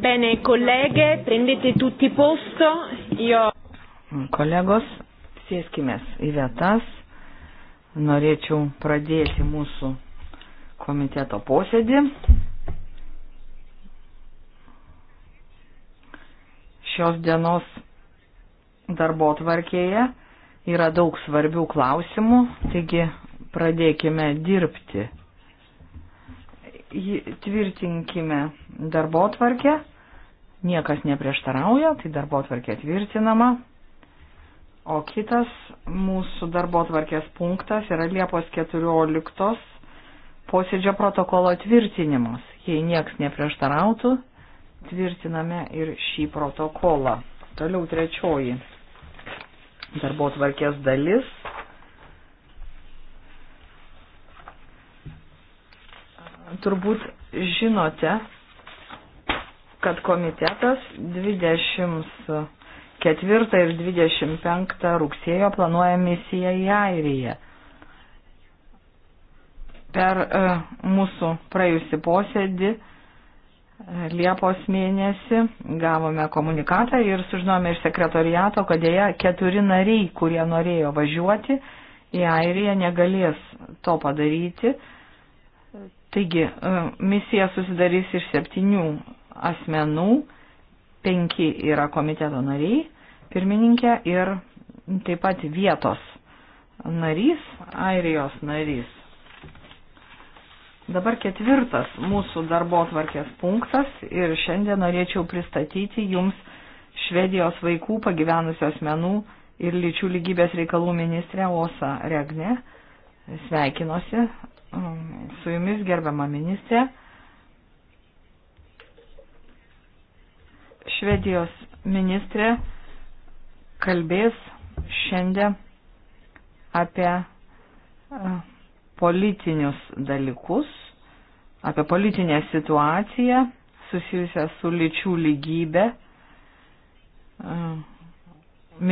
Bene, colleghe, prendete tutti posto. Io... Kolegos, sėskimės į vietas. Norėčiau pradėti mūsų komiteto posėdį. Šios dienos darbo tvarkėje yra daug svarbių klausimų, taigi pradėkime dirbti tvirtinkime darbo tvarkę. Niekas neprieštarauja, tai darbo tvarkė tvirtinama. O kitas mūsų darbo tvarkės punktas yra Liepos 14 posėdžio protokolo tvirtinimas. Jei nieks neprieštarautų, tvirtiname ir šį protokolą. Toliau trečioji darbo tvarkės dalis turbūt žinote, kad komitetas 24 ir 25 rugsėjo planuoja misiją į Airiją. Per e, mūsų praėjusi posėdį e, Liepos mėnesį gavome komunikatą ir sužinome iš sekretoriato, kad dėja keturi nariai, kurie norėjo važiuoti į Airiją, negalės to padaryti Taigi, e, misija susidarys iš septynių asmenų, penki yra komiteto nariai, pirmininkė ir taip pat vietos narys, Airijos narys. Dabar ketvirtas mūsų darbo tvarkės punktas ir šiandien norėčiau pristatyti jums Švedijos vaikų pagyvenusių asmenų ir lyčių lygybės reikalų ministrė Osa Regne. Sveikinuosi Um, su jumis, gerbama ministrė. Švedijos ministrė kalbės šiandien apie uh, politinius dalykus, apie politinę situaciją susijusią su lyčių lygybė. Uh,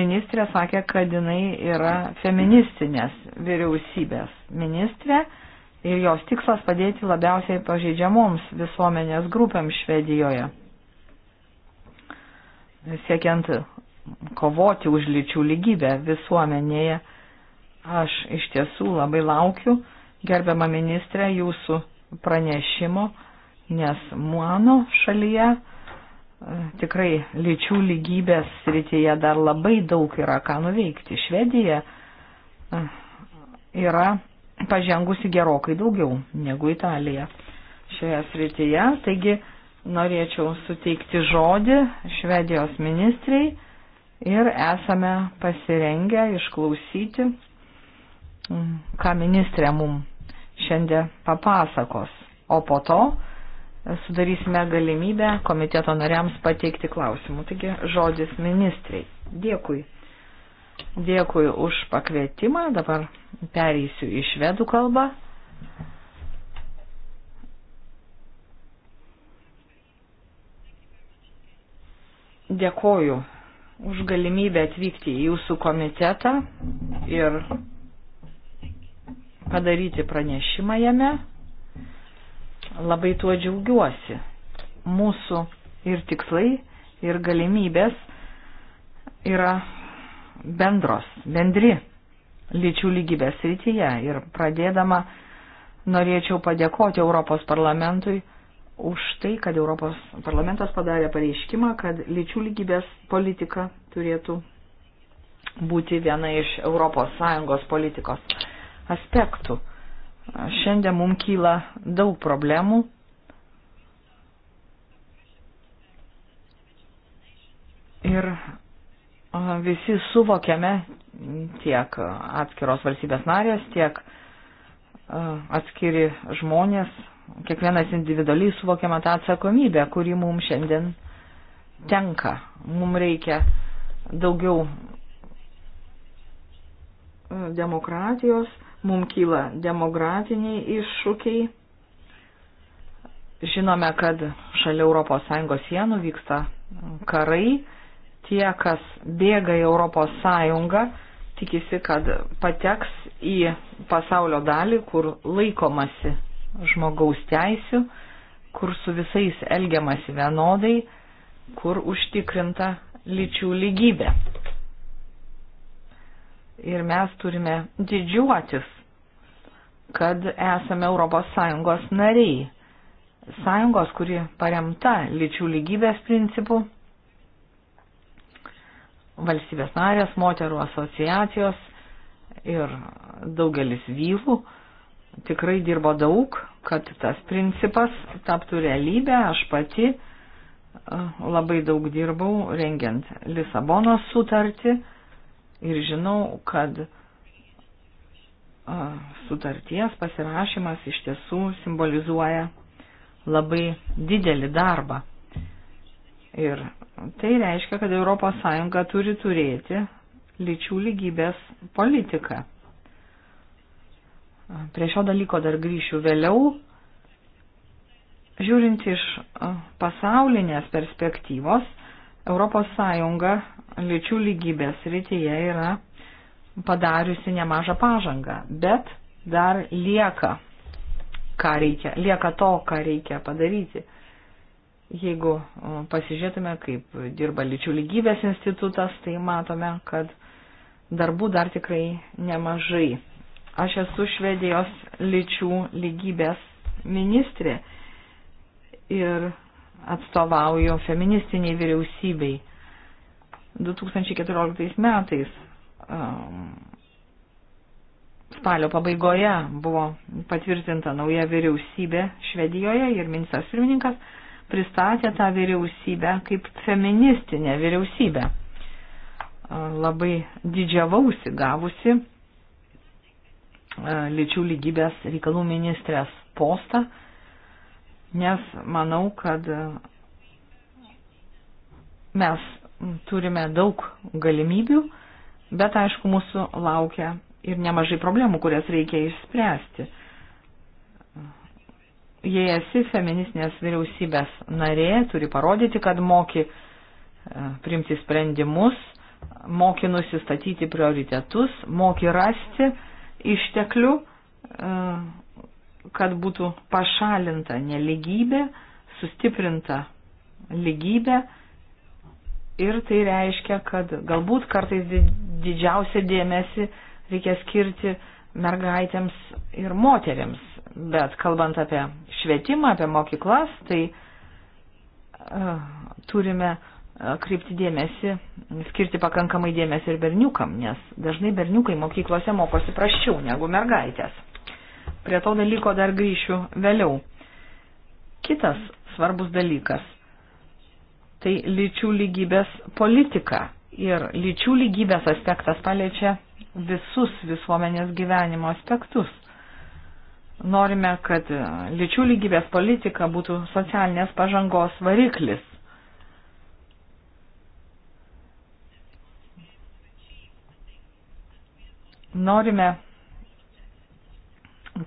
ministrė sakė, kad jinai yra feministinės vyriausybės ministrė ir jos tikslas padėti labiausiai pažeidžiamoms visuomenės grupėms Švedijoje, siekiant kovoti už lyčių lygybę visuomenėje. Aš iš tiesų labai laukiu, gerbiama ministrė, jūsų pranešimo, nes mano šalyje e, tikrai lyčių lygybės srityje dar labai daug yra ką nuveikti. Švedija e, yra pažengusi gerokai daugiau negu Italija šioje srityje. Taigi norėčiau suteikti žodį Švedijos ministrei ir esame pasirengę išklausyti, mm, ką ministrė mum šiandien papasakos. O po to sudarysime galimybę komiteto nariams pateikti klausimų. Taigi žodis ministrei. Dėkui. Dėkui už pakvietimą. Dabar pereisiu į švedų kalbą. Dėkoju už galimybę atvykti į jūsų komitetą ir padaryti pranešimą jame. Labai tuo džiaugiuosi. Mūsų ir tikslai, ir galimybės yra bendros, bendri lyčių lygybės rytyje. Ir pradėdama norėčiau padėkoti Europos parlamentui už tai, kad Europos parlamentas padarė pareiškimą, kad lyčių lygybės politika turėtų būti viena iš ES politikos aspektų. Šiandien mums kyla daug problemų. Ir visi suvokiame tiek atskiros valstybės narės, tiek atskiri žmonės, kiekvienas individualiai suvokiame tą atsakomybę, kuri mums šiandien tenka. Mums reikia daugiau demokratijos, mums kyla demokratiniai iššūkiai. Žinome, kad šalia ES sienų vyksta karai, tie, kas bėga į Europos Sąjungą, tikisi, kad pateks į pasaulio dalį, kur laikomasi žmogaus teisių, kur su visais elgiamasi vienodai, kur užtikrinta lyčių lygybė. Ir mes turime didžiuotis, kad esame ES nariai. Sąjungos, kuri paremta lyčių lygybės principu, valstybės narės, moterų asociacijos ir daugelis vyrų tikrai dirbo daug, kad tas principas taptų realybę. Aš pati e, labai daug dirbau rengiant Lisabonos sutartį ir žinau, kad e, sutarties pasirašymas iš tiesų simbolizuoja labai didelį darbą. Ir tai reiškia, kad ES turi turėti lyčių lygybės politiką. Prie šio dalyko dar grįšiu vėliau. Žiūrint iš pasaulinės perspektyvos, ES lyčių lygybės rytyje yra padariusi nemažą pažangą, bet dar lieka, ką reikia, lieka to, ką reikia padaryti. Jeigu pasižiūrėtume, kaip dirba lyčių lygybės institutas, tai matome, kad darbų dar tikrai nemažai. Aš esu Švedijos lyčių lygybės ministrė ir atstovauju feministiniai vyriausybei. 2014 metais spalio pabaigoje buvo patvirtinta nauja vyriausybė Švedijoje ir ministras pirmininkas pristatė tą vyriausybę kaip feministinę vyriausybę. Labai didžiavausi gavusi lyčių lygybės reikalų ministrės postą, nes manau, kad mes turime daug galimybių, bet aišku, mūsų laukia ir nemažai problemų, kurias reikia išspręsti jei esi feministinės vyriausybės narė, turi parodyti, kad moki e, priimti sprendimus, moki nusistatyti prioritetus, moki rasti išteklių, e, kad būtų pašalinta neligybė, sustiprinta lygybė. Ir tai reiškia, kad galbūt kartais didžiausią dėmesį reikia skirti mergaitėms ir moteriams Bet kalbant apie švietimą, apie mokyklas, tai uh, turime uh, e, krypti dėmesį, skirti pakankamai dėmesį ir berniukam, nes dažnai berniukai mokyklose mokosi praščiau negu mergaitės. Prie to dalyko dar grįšiu vėliau. Kitas svarbus dalykas - tai lyčių lygybės politika. Ir lyčių lygybės aspektas paliečia visus visuomenės gyvenimo aspektus Norime, kad lyčių lygybės politika būtų socialinės pažangos variklis. Norime,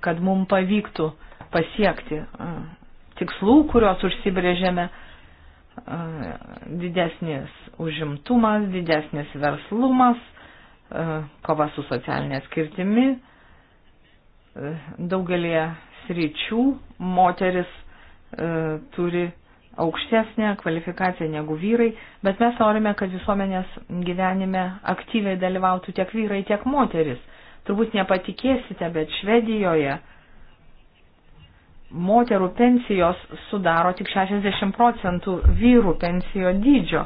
kad mums pavyktų pasiekti tikslų, kuriuos užsibrėžėme, didesnis užimtumas, didesnis verslumas, kova su socialinė skirtimi, daugelie sričių moteris e, turi aukštesnę kvalifikaciją negu vyrai, bet mes norime, kad visuomenės gyvenime aktyviai dalyvautų tiek vyrai, tiek moteris. Turbūt nepatikėsite, bet Švedijoje moterų pensijos sudaro tik 60 procentų vyrų pensijo dydžio.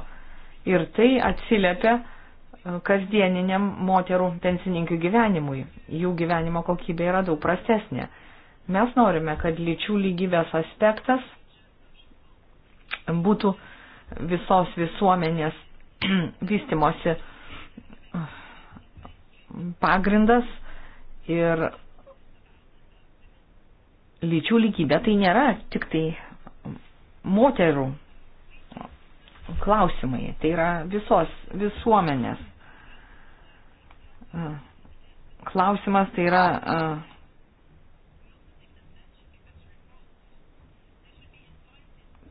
Ir tai atsiliepia kasdieniniam moterų pensininkių gyvenimui. Jų gyvenimo kokybė yra daug prastesnė. Mes norime, kad lyčių lygybės aspektas būtų visos visuomenės vystimosi pagrindas ir lyčių lygybė tai nėra tik tai moterų klausimai, tai yra visos visuomenės klausimas, tai yra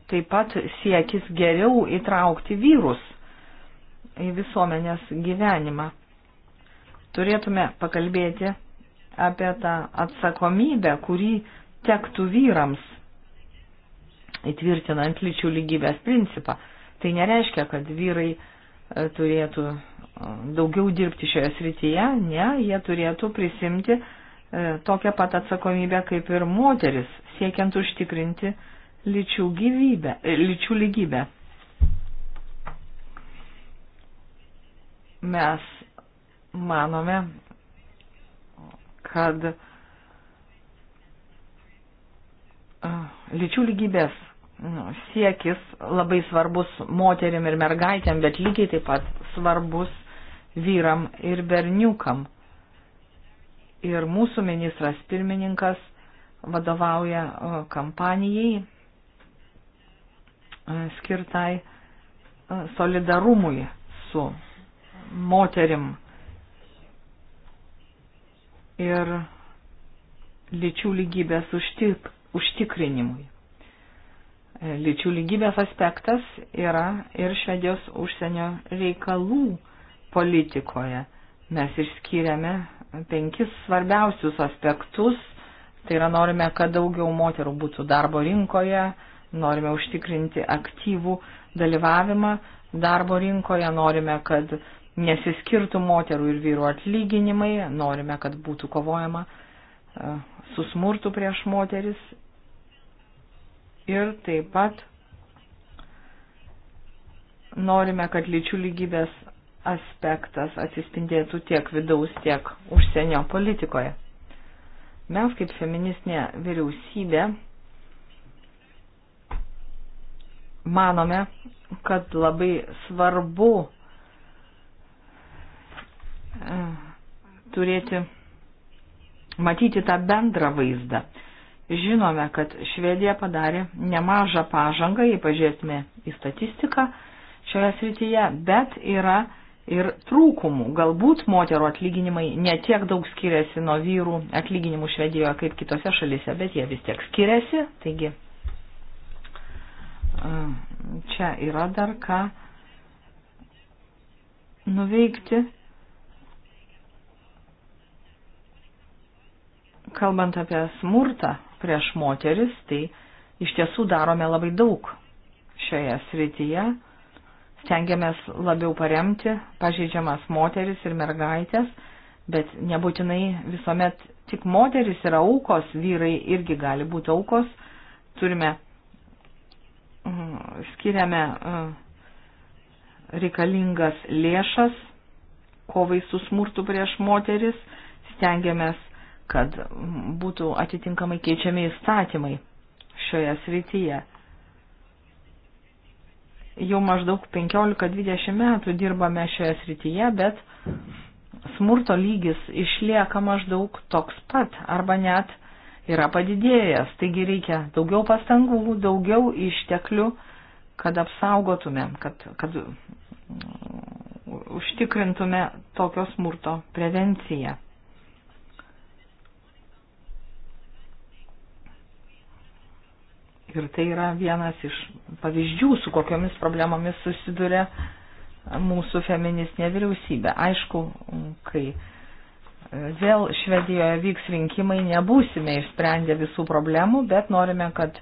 taip pat siekis geriau įtraukti vyrus į visuomenės gyvenimą. Turėtume pakalbėti apie tą atsakomybę, kurį tektų vyrams įtvirtinant lyčių lygybės principą. Tai nereiškia, kad vyrai uh, turėtų e, daugiau dirbti šioje srityje, ne, jie turėtų prisimti e, tokią pat atsakomybę kaip ir moteris, siekiant užtikrinti lyčių, gyvybę, e, lyčių lygybę. Mes manome, kad lyčių lygybės nu, siekis labai svarbus moterim ir mergaitėm, bet lygiai taip pat svarbus vyram ir berniukam. Ir mūsų ministras pirmininkas vadovauja kampanijai e, skirtai e, solidarumui su moterim ir lyčių lygybės užtik, užtikrinimui. E, lyčių lygybės aspektas yra ir Švedijos užsienio reikalų politikoje. Mes išskiriame penkis svarbiausius aspektus. Tai yra norime, kad daugiau moterų būtų darbo rinkoje, norime užtikrinti aktyvų dalyvavimą darbo rinkoje, norime, kad nesiskirtų moterų ir vyrų atlyginimai, norime, kad būtų kovojama e, su smurtu prieš moteris ir taip pat norime, kad lyčių lygybės aspektas atsispindėtų tiek vidaus, tiek užsienio politikoje. Mes kaip feministinė vyriausybė manome, kad labai svarbu e, turėti, matyti tą bendrą vaizdą žinome, kad Švedija padarė nemažą pažangą, jei pažiūrėsime į statistiką šioje srityje, bet yra ir trūkumų. Galbūt moterų atlyginimai netiek daug skiriasi nuo vyrų atlyginimų Švedijoje kaip kitose šalise, bet jie vis tiek skiriasi. Taigi čia yra dar ką nuveikti. Kalbant apie smurtą prieš moteris, tai iš tiesų darome labai daug šioje srityje. Stengiamės labiau paremti pažeidžiamas moteris ir mergaitės, bet nebūtinai visuomet tik moteris yra aukos, vyrai irgi gali būti aukos. Turime, mm, skiriame mm, reikalingas lėšas kovai su smurtu prieš moteris, stengiamės kad būtų atitinkamai keičiami įstatymai šioje srityje. Jau maždaug 15-20 metų dirbame šioje srityje, bet smurto lygis išlieka maždaug toks pat arba net yra padidėjęs. Taigi reikia daugiau pastangų, daugiau išteklių, kad apsaugotumėm, kad, kad užtikrintume tokio smurto prevenciją. Ir tai yra vienas iš pavyzdžių, su kokiomis problemomis susiduria mūsų feministinė vyriausybė. Aišku, kai vėl Švedijoje vyks rinkimai, nebūsime išsprendę visų problemų, bet norime, kad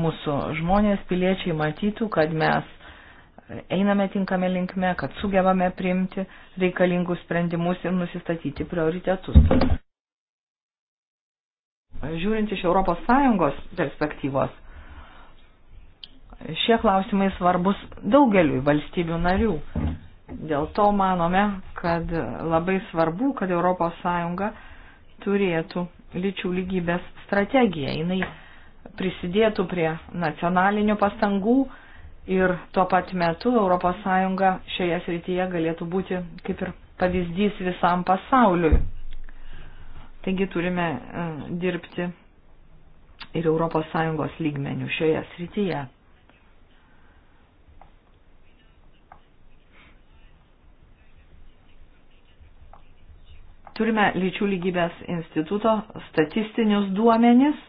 mūsų žmonės, piliečiai matytų, kad mes einame tinkame linkme, kad sugebame priimti reikalingus sprendimus ir nusistatyti prioritetus. Žiūrint iš ES perspektyvos, šie klausimai svarbus daugeliui valstybių narių. Dėl to manome, kad labai svarbu, kad ES turėtų lyčių lygybės strategiją. Jinai prisidėtų prie nacionalinių pastangų ir tuo pat metu ES šioje srityje galėtų būti kaip ir pavyzdys visam pasauliui. Taigi turime e, dirbti ir ES lygmenių šioje srityje. Turime lyčių lygybės instituto statistinius duomenis,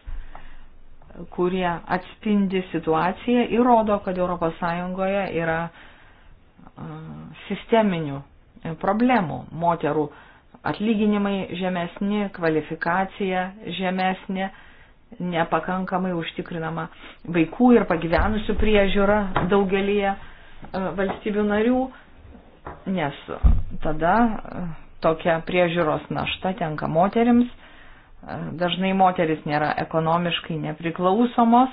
kurie atspindi situaciją ir rodo, kad ES yra sisteminių problemų. Moterų atlyginimai žemesni, kvalifikacija žemesnė, nepakankamai užtikrinama vaikų ir pagyvenusių priežiūra daugelie valstybių narių, nes tada tokia priežiūros našta tenka moterims. Dažnai moteris nėra ekonomiškai nepriklausomos,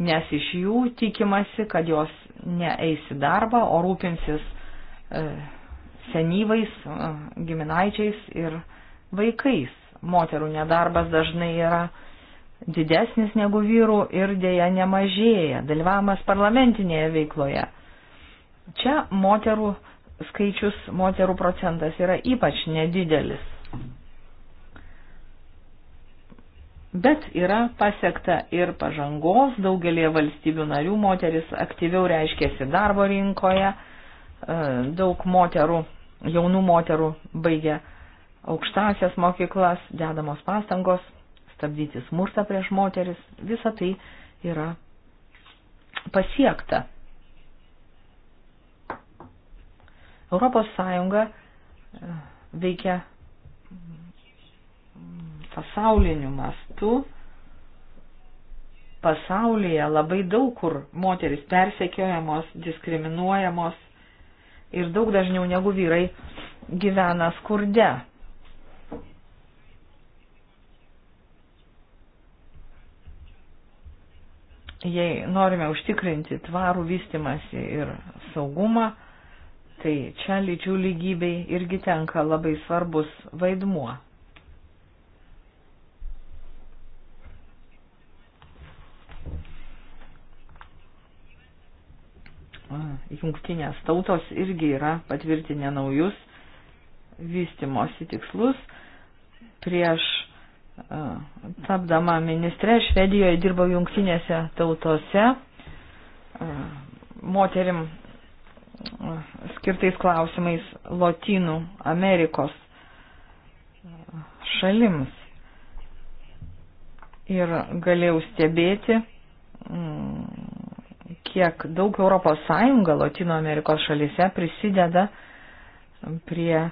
nes iš jų tikimasi, kad jos neeis į darbą, o rūpinsis e, senyvais, e, giminaičiais ir vaikais. Moterų nedarbas dažnai yra didesnis negu vyrų ir dėja nemažėja. Dalyvavimas parlamentinėje veikloje. Čia moterų skaičius moterų procentas yra ypač nedidelis. Bet yra pasiekta ir pažangos, daugelie valstybių narių moteris aktyviau reiškėsi darbo rinkoje, e, daug moterų, jaunų moterų baigia aukštasias mokyklas, dedamos pastangos stabdyti smurtą prieš moteris, visa tai yra pasiekta. Europos Sąjunga e, veikia pasauliniu mastu. Pasaulyje labai daug kur moteris persekiojamos, diskriminuojamos ir daug dažniau negu vyrai gyvena skurde. Jei norime užtikrinti tvarų vystimasi ir saugumą, Tai čia lyčių lygybei irgi tenka labai svarbus vaidmuo. Jungtinės tautos irgi yra patvirtinę naujus vystimosi tikslus. Prieš tapdama ministre Švedijoje dirbau jungtinėse tautose. Moterim skirtais klausimais Lotynų Amerikos šalims. Ir galėjau stebėti, mm, kiek daug ES Latino Amerikos šalise prisideda prie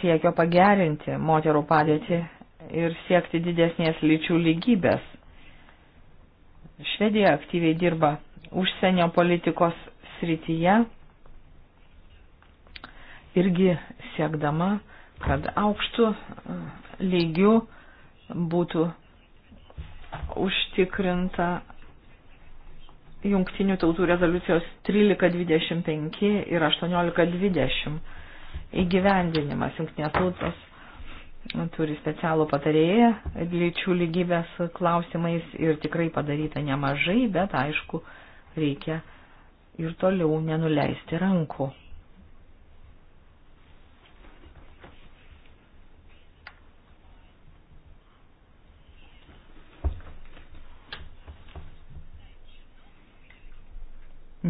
siekio pagerinti moterų padėtį ir siekti didesnės lyčių lygybės. Švedija aktyviai dirba užsienio politikos srityje irgi siekdama, kad aukštų e, lygių būtų užtikrinta jungtinių tautų rezoliucijos 1325 ir 1820 įgyvendinimas. Jungtinės tautos turi specialų patarėją lyčių lygybės klausimais ir tikrai padaryta nemažai, bet aišku, reikia ir toliau nenuleisti rankų.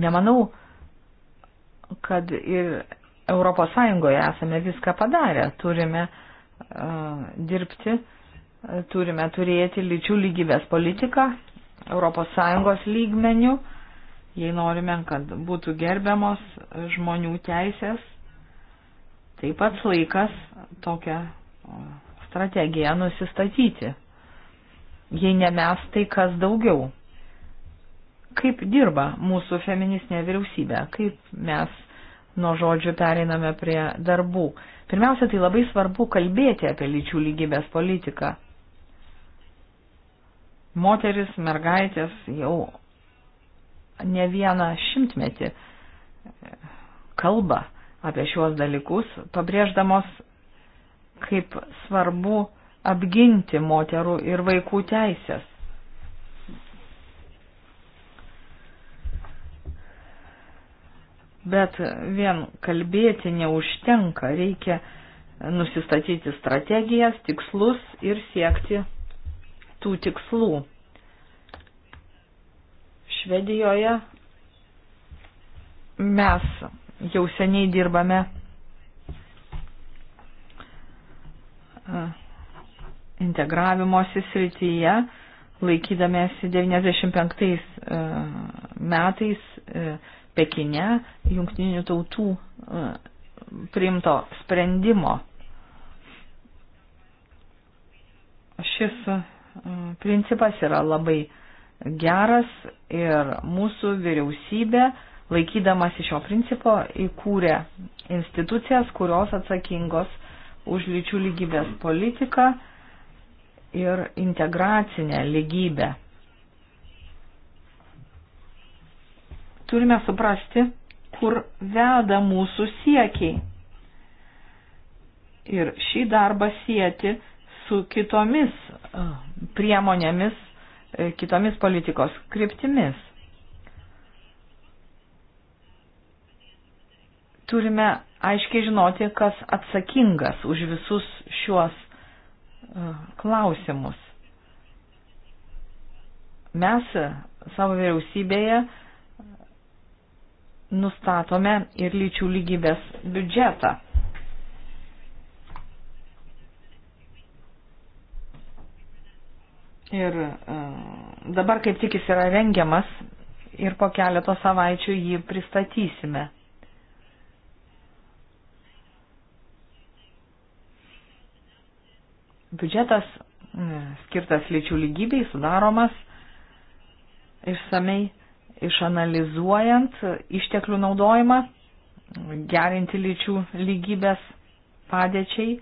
nemanau, kad ir Europos Sąjungoje esame viską padarę. Turime uh, dirbti, turime turėti lyčių lygybės politiką Europos Sąjungos lygmenių, jei norime, kad būtų gerbiamos žmonių teisės. Taip pat laikas tokią strategiją nusistatyti. Jei ne mes, tai kas daugiau kaip dirba mūsų feministinė vyriausybė, kaip mes nuo žodžių pereiname prie darbų. Pirmiausia, tai labai svarbu kalbėti apie lyčių lygybės politiką. Moteris, mergaitės jau ne vieną šimtmetį kalba apie šiuos dalykus, pabrėždamos, kaip svarbu apginti moterų ir vaikų teisės. Bet vien kalbėti neužtenka, reikia nusistatyti strategijas, tikslus ir siekti tų tikslų. Švedijoje mes jau seniai dirbame integravimosi srityje, laikydamėsi 95 metais Pekine jungtinių tautų e, priimto sprendimo. Šis e, principas yra labai geras ir mūsų vyriausybė, laikydamas iš šio principo, įkūrė institucijas, kurios atsakingos už lyčių lygybės politiką ir integracinę lygybę. turime suprasti, kur veda mūsų siekiai. Ir šį darbą sieti su kitomis e, priemonėmis, e, kitomis politikos kryptimis. Turime aiškiai žinoti, kas atsakingas už visus šiuos e, klausimus. Mes savo vyriausybėje nustatome ir lyčių lygybės biudžetą. Ir e, dabar kaip tik jis yra rengiamas ir po keleto savaičių jį pristatysime. Biudžetas e, skirtas lyčių lygybei sudaromas išsamei išanalizuojant išteklių naudojimą, gerinti lyčių lygybės padėčiai.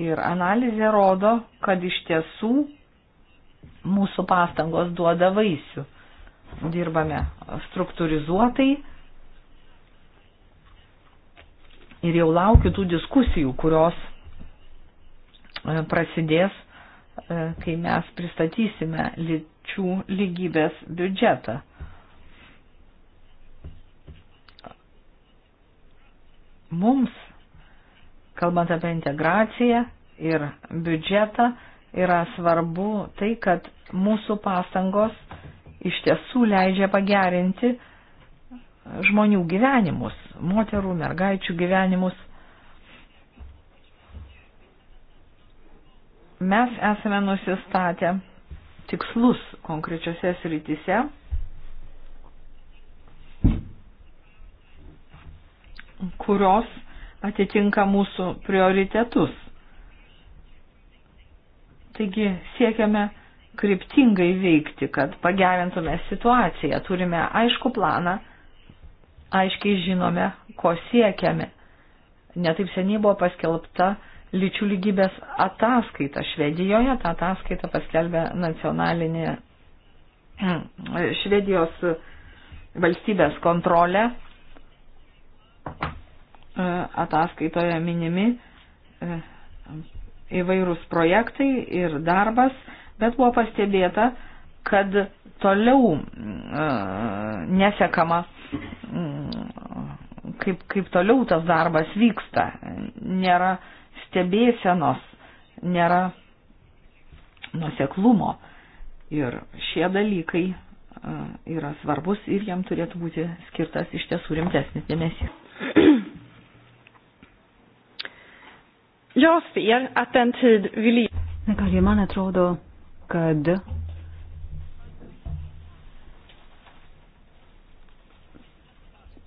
Ir analizė rodo, kad iš tiesų mūsų pastangos duoda vaisių. Dirbame struktūrizuotai ir jau laukiu tų diskusijų, kurios e, prasidės, e, kai mes pristatysime lyčių lygybės biudžetą. mums, kalbant apie integraciją ir biudžetą, yra svarbu tai, kad mūsų pastangos iš tiesų leidžia pagerinti žmonių gyvenimus, moterų, mergaičių gyvenimus. Mes esame nusistatę tikslus konkrečiose srityse kurios atitinka mūsų prioritetus. Taigi siekiame kryptingai veikti, kad pagerintume situaciją. Turime aišku planą, aiškiai žinome, ko siekiame. Netaip seniai buvo paskelbta lyčių lygybės ataskaita Švedijoje. Ta ataskaita paskelbė nacionalinė Švedijos valstybės kontrolė E, ataskaitoje minimi e, įvairūs projektai ir darbas, bet buvo pastebėta, kad toliau e, nesekama, mm, kaip, kaip toliau tas darbas vyksta. Nėra stebėsenos, nėra nuseklumo. Ir šie dalykai yra svarbus ir jam turėtų būti skirtas iš tiesų rimtesnis dėmesys. Jag ser att den tid vi lever Kągi, e man atrodo, kad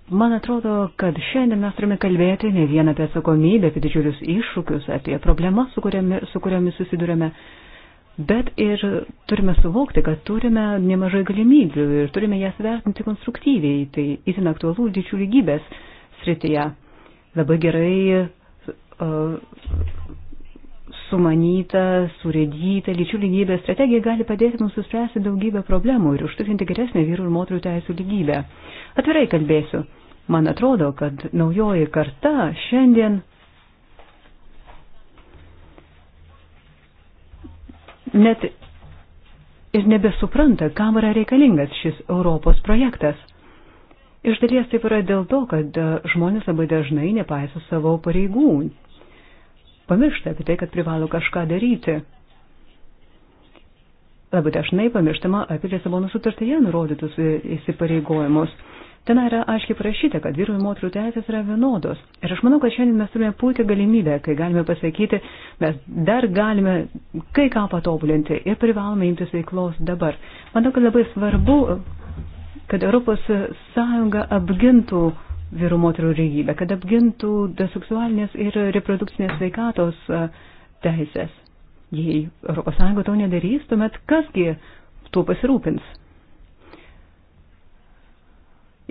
Man atrodo, kad šiandien mes turime kalbėti ne vien apie atsakomybę, apie didžiulius iššūkius, apie problemas, su, kuriami, su kuriomis susidurėme, bet ir turime suvokti, kad turime nemažai galimybių ir turime jas vertinti konstruktyviai. Tai įtin aktualų lyčių lygybės srityje. Labai gerai e, sumanyta, surėdyta lyčių lygybės strategija gali padėti mums suspręsti daugybę problemų ir užtikrinti geresnę vyrų ir moterų teisų lygybę. Atvirai kalbėsiu. Man atrodo, kad naujoji karta šiandien net ir nebesupranta, kam yra reikalingas šis Europos projektas. Iš dalies taip yra dėl to, kad e, žmonės labai dažnai nepaiso savo pareigų. Pamiršta apie tai, kad privalo kažką daryti. Labai dažnai pamirštama apie Lisabono sutartyje nurodytus e, įsipareigojimus. Ten yra aiškiai parašyta, kad vyrų ir moterų teisės yra vienodos. Ir aš manau, kad šiandien mes turime puikią galimybę, kai galime pasakyti, mes dar galime kai ką patobulinti ir privalome imtis veiklos dabar. Manau, kad labai svarbu kad ES apgintų vyrų moterų lygybę, kad apgintų seksualinės ir reprodukcinės sveikatos e, teisės. Jei ES to nedarys, tuomet kasgi tuo pasirūpins?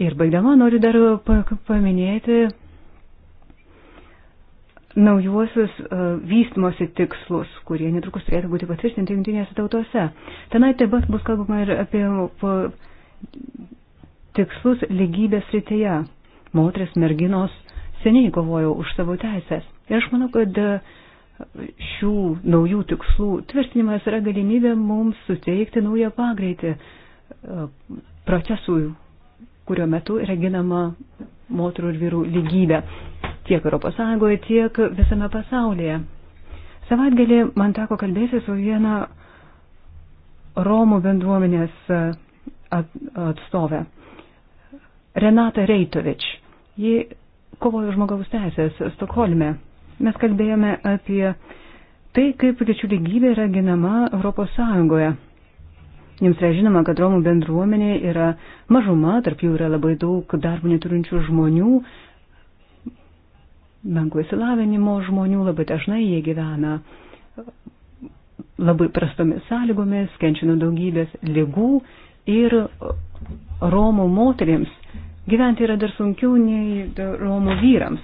Ir baigdama noriu dar paminėti naujuosius e, vystimosi tikslus, kurie netrukus turėtų būti patvirtinti jungtinėse tautose. Tenai taip pat bus kalbama ir apie tikslus lygybės rytyje. Moteris, merginos seniai kovojo už savo teisės. Ir aš manau, kad e, šių naujų tikslų tvirtinimas yra galimybė mums suteikti naują pagreitį e, procesui, kurio metu yra ginama moterų ir vyrų lygybė tiek ES, tiek visame pasaulyje. Savatgalį man teko kalbėti su viena Romų bendruomenės e, atstovę, Renata Reitovič. Ji kovojo žmogaus teisės Stokholme. Mes kalbėjome apie tai, kaip lyčių lygybė yra ginama Europos Sąjungoje. Jums yra žinoma, kad Romų bendruomenė yra mažuma, tarp jų yra labai daug darbų neturinčių žmonių, menko įsilavinimo žmonių, labai dažnai jie gyvena labai prastomis sąlygomis, kenčia nuo daugybės lygų ir Romų moteriams gyventi yra dar sunkiau nei Romų vyrams.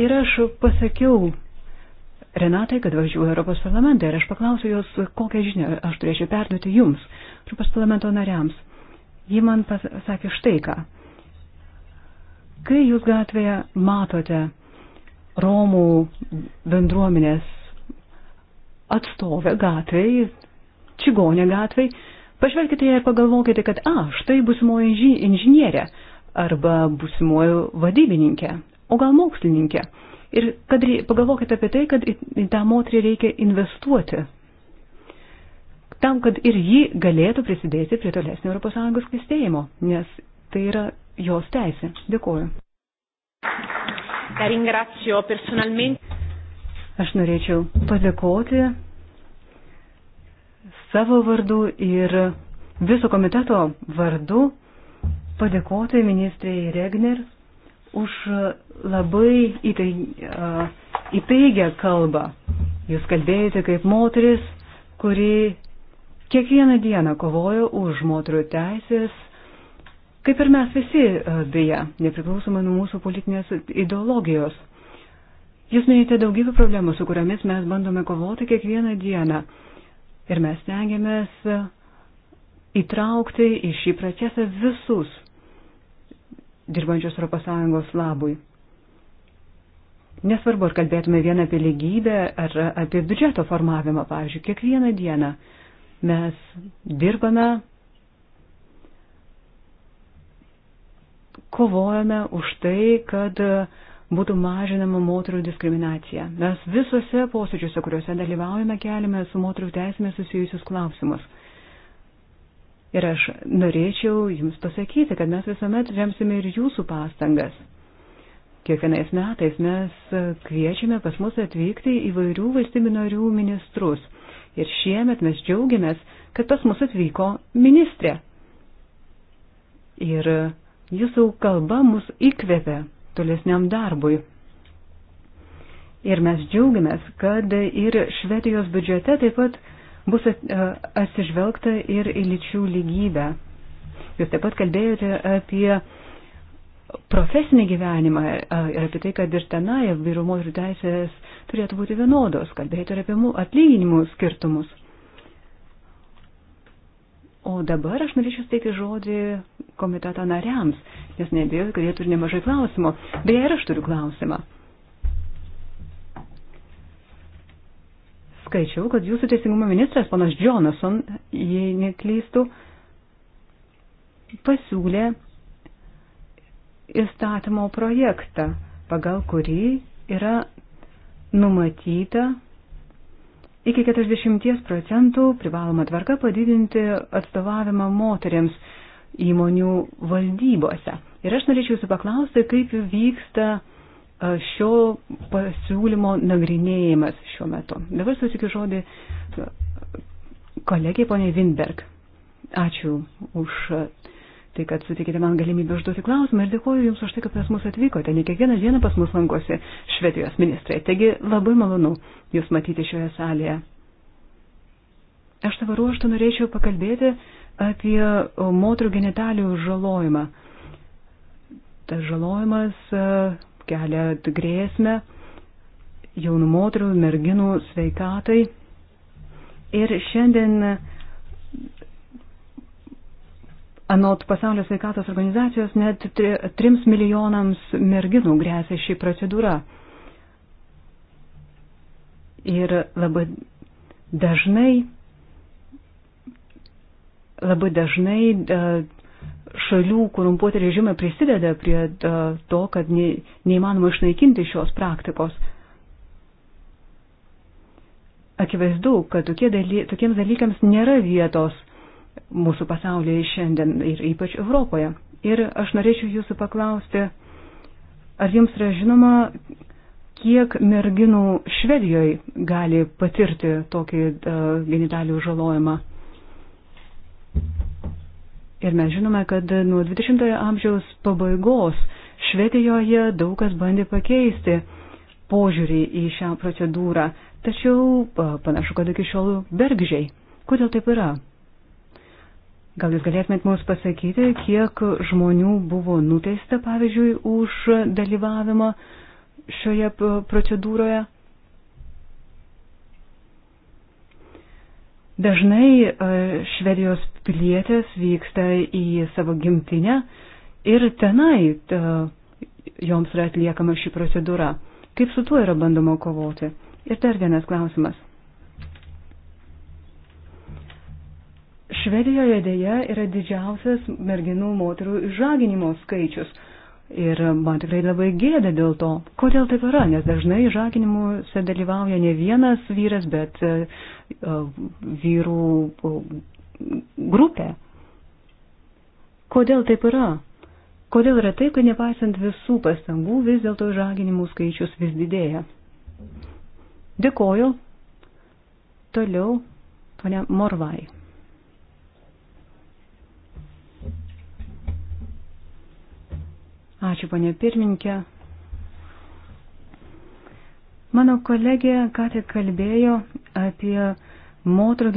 Ir aš pasakiau Renatai, kad važiuoju Europos parlamentą ir aš paklausiu jos, kokią žinią aš turėčiau perduoti jums, Europos parlamento nariams. Ji man pasakė štai ką. Kai jūs gatvėje matote Romų bendruomenės atstovę gatvėje, Čigonė gatvėje, Pažvelkite ir pagalvokite, kad aš tai busimoji inžinierė arba busimoji vadybininkė, o gal mokslininkė. Ir kad pagalvokite apie tai, kad į tą moterį reikia investuoti. Tam, kad ir ji galėtų prisidėti prie tolesnio ES klistėjimo, nes tai yra jos teisė. Dėkuoju. Aš norėčiau padėkoti savo vardu ir viso komiteto vardu padėkoti ministrei Regner už labai įtaigią kalbą. Jūs kalbėjote kaip moteris, kuri kiekvieną dieną kovojo už moterų teisės, kaip ir mes visi, beje, nepriklausomai nuo mūsų politinės ideologijos. Jūs minite daugybę problemų, su kuriamis mes bandome kovoti kiekvieną dieną. Ir mes stengiamės įtraukti į šį procesą visus dirbančius ES labui. Nesvarbu, ar kalbėtume vieną apie lygybę ar apie biudžeto formavimą, pavyzdžiui, kiekvieną dieną mes dirbame, kovojame už tai, kad uh, būtų mažinama moterų diskriminacija. Mes visose posėdžiuose, kuriuose dalyvaujame, keliame su moterų teisėmis susijusius klausimus. Ir aš norėčiau Jums pasakyti, kad mes visuomet remsime ir Jūsų pastangas. Kiekvienais metais mes kviečiame pas mus atvykti įvairių valstybių narių ministrus. Ir šiemet mes džiaugiamės, kad pas mus atvyko ministrė. Ir jūsų kalba mus įkvėpė tolesniam darbui. Ir mes džiaugiamės, kad ir Švedijos biudžete taip pat bus atsižvelgta ir į lyčių lygybę. Jūs taip pat kalbėjote apie profesinį gyvenimą ir apie tai, kad ir tenai vyrų moterų teisės turėtų būti vienodos, kalbėjote ir apie atlyginimų skirtumus. O dabar aš norėčiau steikti žodį komiteto nariams, nes nebėjau, kad jie turi nemažai klausimų. Beje, ir aš turiu klausimą. Skaičiau, kad jūsų teisingumo ministras, panas Johnson, jei neklystų, pasiūlė įstatymo projektą, pagal kurį yra numatyta iki 40 procentų privaloma tvarka padidinti atstovavimą moteriams įmonių valdybose. Ir aš norėčiau jūsų paklausti, kaip vyksta šio pasiūlymo nagrinėjimas šiuo metu. Dabar susitikiu žodį kolegiai poniai Winberg. Ačiū už tai, kad sutikite man galimybę užduoti klausimą ir dėkoju Jums už tai, kad pas mus atvykote. Ne kiekvieną dieną pas mus lankosi Švedijos ministrai. Taigi labai malonu Jūs matyti šioje salėje. Aš savo ruoštų norėčiau pakalbėti apie moterų genitalių žalojimą. Tas žalojimas e, kelia grėsmę jaunų moterų, merginų sveikatai. Ir šiandien Anot pasaulio sveikatos organizacijos net 3 milijonams merginų grėsia šį procedūrą. Ir labai dažnai, labai dažnai e, šalių korumpuoti režimai prisideda prie e, to, kad neįmanoma išnaikinti šios praktikos. Akivaizdu, kad tokie daly, tokiems dalykams nėra vietos mūsų pasaulyje šiandien ir ypač Europoje. Ir aš norėčiau jūsų paklausti, ar jums yra žinoma, kiek merginų Švedijoje gali patirti tokį uh, genitalių žalojimą? Ir mes žinome, kad nuo 20-ojo amžiaus pabaigos Švedijoje daug kas bandė pakeisti požiūrį į šią procedūrą, tačiau panašu, kad iki šiol bergžiai. Kodėl taip yra? Gal jūs galėtumėt mums pasakyti, kiek žmonių buvo nuteista, pavyzdžiui, už dalyvavimą šioje procedūroje? Dažnai e, švedijos pilietės vyksta į savo gimtinę ir tenai ta, e, joms yra atliekama ši procedūra. Kaip su tuo yra bandoma kovoti? Ir dar vienas klausimas. Švedijoje dėja yra didžiausias merginų moterų išžaginimo skaičius. Ir man tikrai labai gėda dėl to. Kodėl taip yra? Nes dažnai išžaginimuose dalyvauja ne vienas vyras, bet e, e, vyrų grupė. Kodėl taip yra? Kodėl yra taip, kad nepaisant visų pastangų, vis dėlto žaginimų skaičius vis didėja? Dėkoju. Toliau, ponia Morvai. Ačiū, ponė pirmininkė. Mano kolegė ką tik kalbėjo apie moterų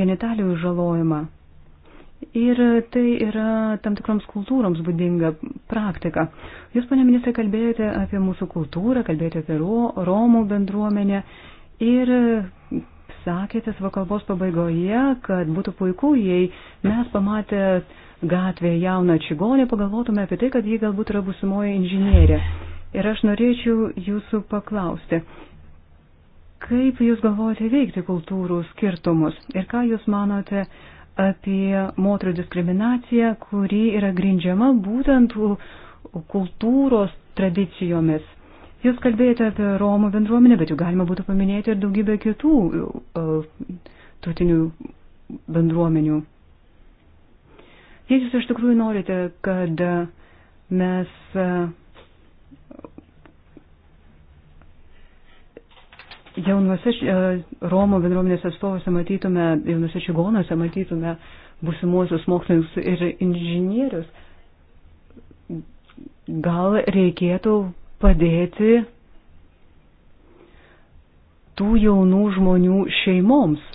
genitalių žalojimą. Ir tai yra tam tikroms kultūroms būdinga praktika. Jūs, ponė ministrė, kalbėjote apie mūsų kultūrą, kalbėjote apie Romų bendruomenę ir sakėte savo kalbos pabaigoje, kad būtų puiku, jei mes pamatę uh, gatvėje jauną čigonę, pagalvotume apie tai, kad ji galbūt yra busimoji inžinierė. Ir aš norėčiau jūsų paklausti, kaip jūs galvojate veikti kultūrų skirtumus ir ką jūs manote apie moterų diskriminaciją, kuri yra grindžiama būtent kultūros tradicijomis. Jūs kalbėjote apie Romų bendruomenę, bet jau galima būtų paminėti ir daugybę kitų e, tautinių bendruomenių. Jei jūs iš tikrųjų norite, kad e, mes e, jaunuose e, Romo bendruomenės atstovose matytume, jaunuose čigonose matytume busimuosius mokslininkus ir inžinierius, gal reikėtų padėti tų jaunų žmonių šeimoms.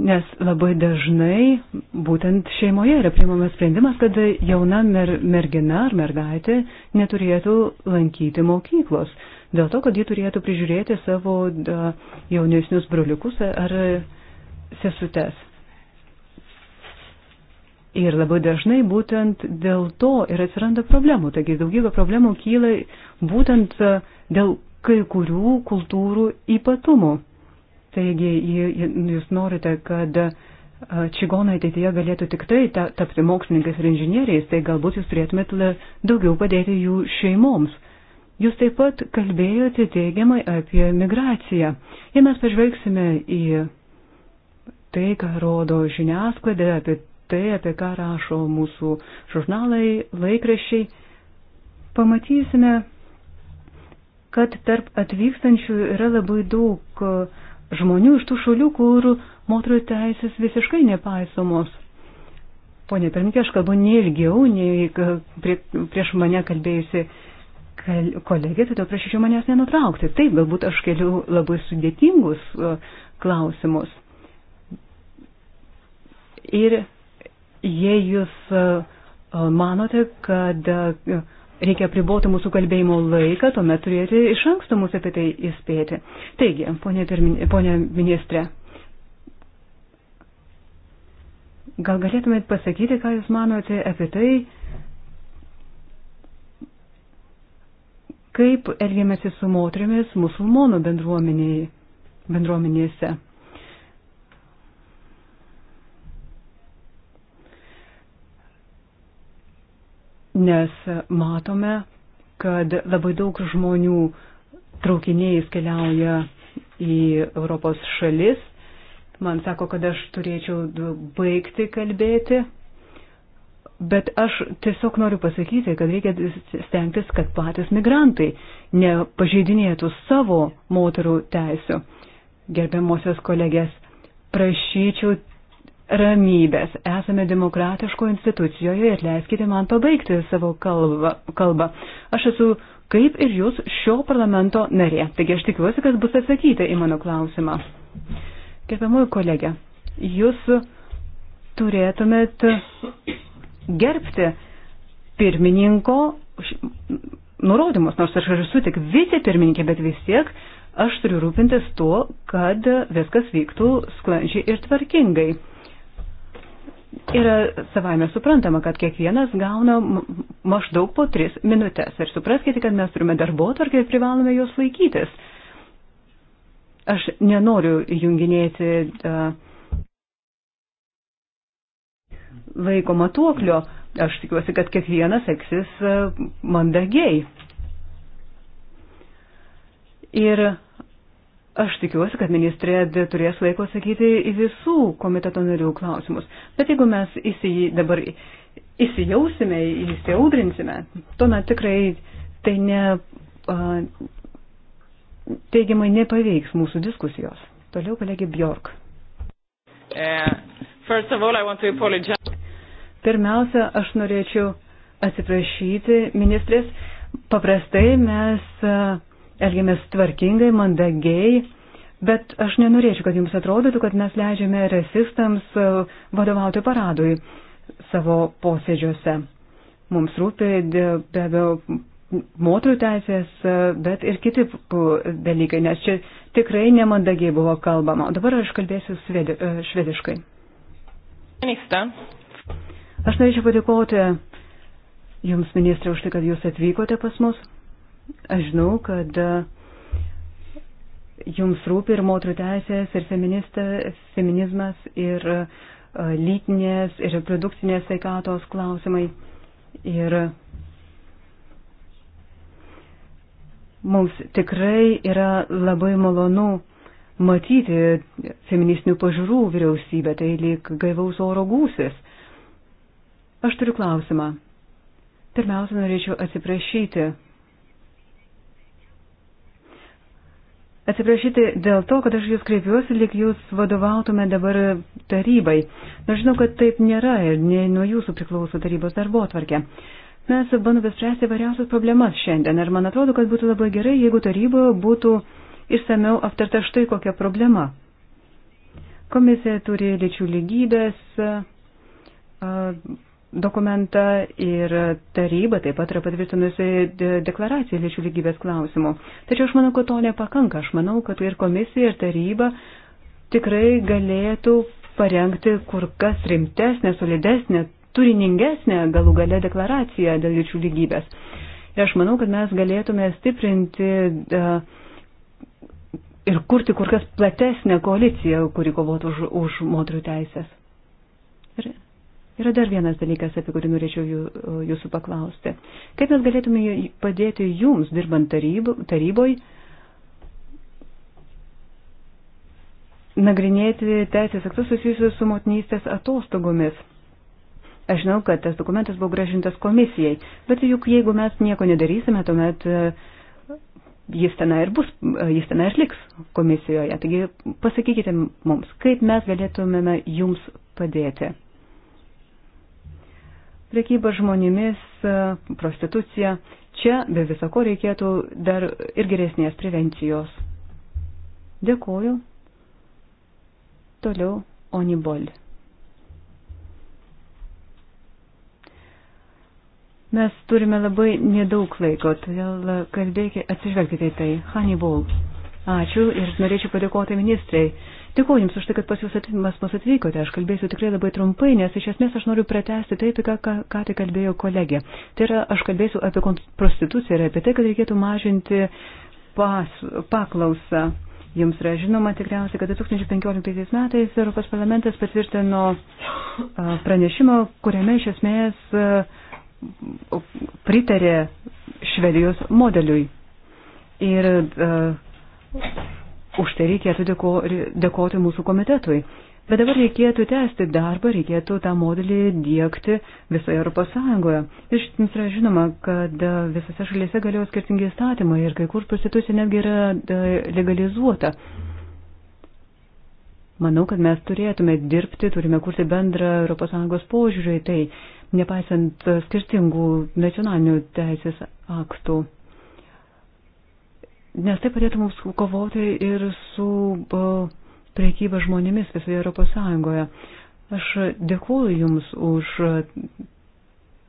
Nes labai dažnai būtent šeimoje yra priimamas sprendimas, kad jauna mer mergina ar mergaitė neturėtų lankyti mokyklos, dėl to, kad ji turėtų prižiūrėti savo da, jaunesnius broliukus ar sesutes. Ir labai dažnai būtent dėl to ir atsiranda problemų. Taigi daugybė problemų kyla būtent dėl kai kurių kultūrų ypatumų. Taigi jūs norite, kad čigonai ateityje galėtų tik tai ta, tapti mokslininkais ir inžinieriais, tai galbūt jūs turėtumėt daugiau padėti jų šeimoms. Jūs taip pat kalbėjote teigiamai apie migraciją. Jei mes pažvelgsime į tai, ką rodo žiniasklaida, apie tai, apie ką rašo mūsų žurnalai, laikrašiai, pamatysime, kad tarp atvykstančių yra labai daug uh, žmonių iš tų šalių, kur moterų teisės visiškai nepaisomos. Pone pirmininkė, aš kalbu neilgiau nei prie, prieš mane kalbėjusi kolegė, todėl prašyčiau manęs nenutraukti. Taip, galbūt aš keliu labai sudėtingus e, klausimus. Ir jei jūs e, manote, kad uh, reikia priboti mūsų kalbėjimo laiką, tuomet turėti iš anksto mūsų apie tai įspėti. Taigi, ponė, pirmin, ponė ministrė, gal galėtumėt pasakyti, ką Jūs manote apie tai, kaip elgiamasi su moterimis musulmonų bendruomenėse? nes matome, kad labai daug žmonių traukiniais keliauja į Europos šalis. Man sako, kad aš turėčiau baigti kalbėti, bet aš tiesiog noriu pasakyti, kad reikia stengtis, kad patys migrantai nepažeidinėtų savo moterų teisų. Gerbiamosios kolegės, prašyčiau ramybės. Esame demokratiško institucijoje ir leiskite man pabaigti savo kalbą. kalbą. Aš esu kaip ir jūs šio parlamento narė. Taigi aš tikiuosi, kad bus atsakyta į mano klausimą. Gerbiamoji kolegė, jūs turėtumėt gerbti pirmininko nurodymus, nors aš esu tik vicepirmininkė, bet vis tiek aš turiu rūpintis tuo, kad viskas vyktų sklandžiai ir tvarkingai. Yra savame suprantama, kad kiekvienas gauna maždaug po tris minutės. Ir supraskite, kad mes turime darbo tvarkę ir privalome jos laikytis. Aš nenoriu junginėti uh, laiko matuoklio. Aš tikiuosi, kad kiekvienas eksis uh, mandagiai. Ir Aš tikiuosi, kad ministrė turės laiko atsakyti į visų komiteto narių klausimus. Bet jeigu mes įsij, dabar įsijausime, įsiaudrinsime, tuomet tikrai tai ne, a, teigiamai nepaveiks mūsų diskusijos. Toliau kolegė Bjork. E, all, Pirmiausia, aš norėčiau atsiprašyti ministrės. Paprastai mes. A, elgiamės tvarkingai, mandagiai, bet aš nenorėčiau, kad jums atrodytų, kad mes leidžiame rasistams e, vadovauti paradui savo posėdžiuose. Mums rūpi be abejo moterų teisės, e, bet ir kiti dalykai, nes čia tikrai nemandagiai buvo kalbama. O dabar aš kalbėsiu švedi, e, švediškai. Ministra. Aš norėčiau padėkoti Jums, ministrė, už tai, kad Jūs atvykote pas mus. Aš žinau, kad e, jums rūpi ir moterų teisės, ir feminizmas, ir e, lytinės, ir reprodukcinės sveikatos klausimai. Ir mums tikrai yra labai malonu matyti feministinių pažiūrų vyriausybę, tai lyg gaivaus oro gūsis. Aš turiu klausimą. Pirmiausia, norėčiau atsiprašyti atsiprašyti dėl to, kad aš jūs kreipiuosi, lyg jūs vadovautume dabar tarybai. Nors žinau, kad taip nėra ir ne nuo jūsų priklauso tarybos darbo atvarkė. Mes bandome spręsti variausias problemas šiandien ir man atrodo, kad būtų labai gerai, jeigu taryboje būtų išsameu aptarta štai kokia problema. Komisija turi lyčių lygybės dokumentą ir taryba taip pat yra patvirtinusi deklaraciją lyčių lygybės klausimų. Tačiau aš manau, kad to nepakanka. Aš manau, kad ir komisija, ir taryba tikrai galėtų parengti kur kas rimtesnę, solidesnę, turiningesnę galų gale deklaraciją dėl lyčių lygybės. Ir aš manau, kad mes galėtume stiprinti e, ir kurti kur kas platesnę koaliciją, kuri kovotų už, už moterų teisės. Ir Yra dar vienas dalykas, apie kurį norėčiau jūsų paklausti. Kaip mes galėtume padėti jums, dirbant taryboj, nagrinėti teisės aktus susijusius su motinystės atostogomis? Aš žinau, kad tas dokumentas buvo gražintas komisijai, bet juk jeigu mes nieko nedarysime, tuomet e, jis tenai ir bus, e, jis tenai ir liks komisijoje. Taigi pasakykite mums, kaip mes galėtumėme jums padėti priekyba žmonėmis, e, prostitucija. Čia be visako reikėtų dar ir geresnės prevencijos. Dėkuoju. Toliau Onibol. Mes turime labai nedaug laiko, todėl kalbėkite, atsižvelgite į tai. Hannibal. Ačiū ir norėčiau padėkoti ministrai Dėkuoju Jums už tai, kad pas Jūs atvykimas pas atvykote. Aš kalbėsiu tikrai labai trumpai, nes iš esmės aš noriu pratesti taip, tai ką, ką, ką tai kalbėjo kolegė. Tai yra, aš kalbėsiu apie prostituciją ir apie tai, kad reikėtų mažinti pas, paklausą. Jums yra žinoma tikriausiai, kad 2015 metais Europos parlamentas patvirtino pranešimą, kuriame iš esmės pritarė Švedijos modeliui. Ir uh, Už tai reikėtų dėko, dėkoti mūsų komitetui. Bet dabar reikėtų tęsti darbą, reikėtų tą modelį dėkti visoje Europos Sąjungoje. Iš jums yra žinoma, kad e, visose šalyse galėjo skirtingi įstatymai ir kai kur prostitucija netgi yra e, legalizuota. Manau, kad mes turėtume dirbti, turime kurti bendrą ES požiūrį į tai, nepaisant skirtingų nacionalinių teisės aktų nes tai padėtų mums kovoti ir su priekyba žmonėmis visoje Europos Sąjungoje. Aš dėkuoju Jums už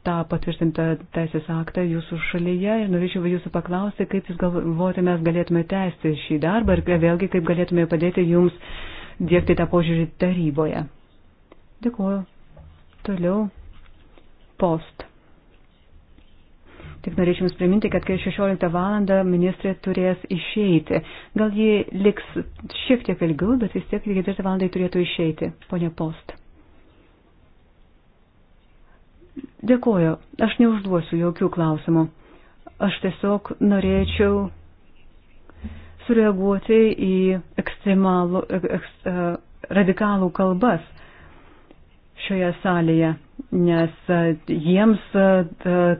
tą patvirtintą teisės aktą jūsų šalyje ir norėčiau jūsų paklausti, kaip jūs galvojate, mes galėtume tęsti šį darbą ir vėlgi kaip galėtume padėti jums dėkti tą požiūrį taryboje. Dėkuoju. Toliau. Post. Tik norėčiau Jums priminti, kad kai 16 val. ministrė turės išeiti. Gal ji liks šiek tiek ilgiau, bet vis tiek 4 val. turėtų išeiti, ponia Post. Dėkuoju, aš neužduosiu jokių klausimų. Aš tiesiog norėčiau sureaguoti į ekstremalų, ekst, e, radikalų kalbas šioje salėje, nes e, jiems e,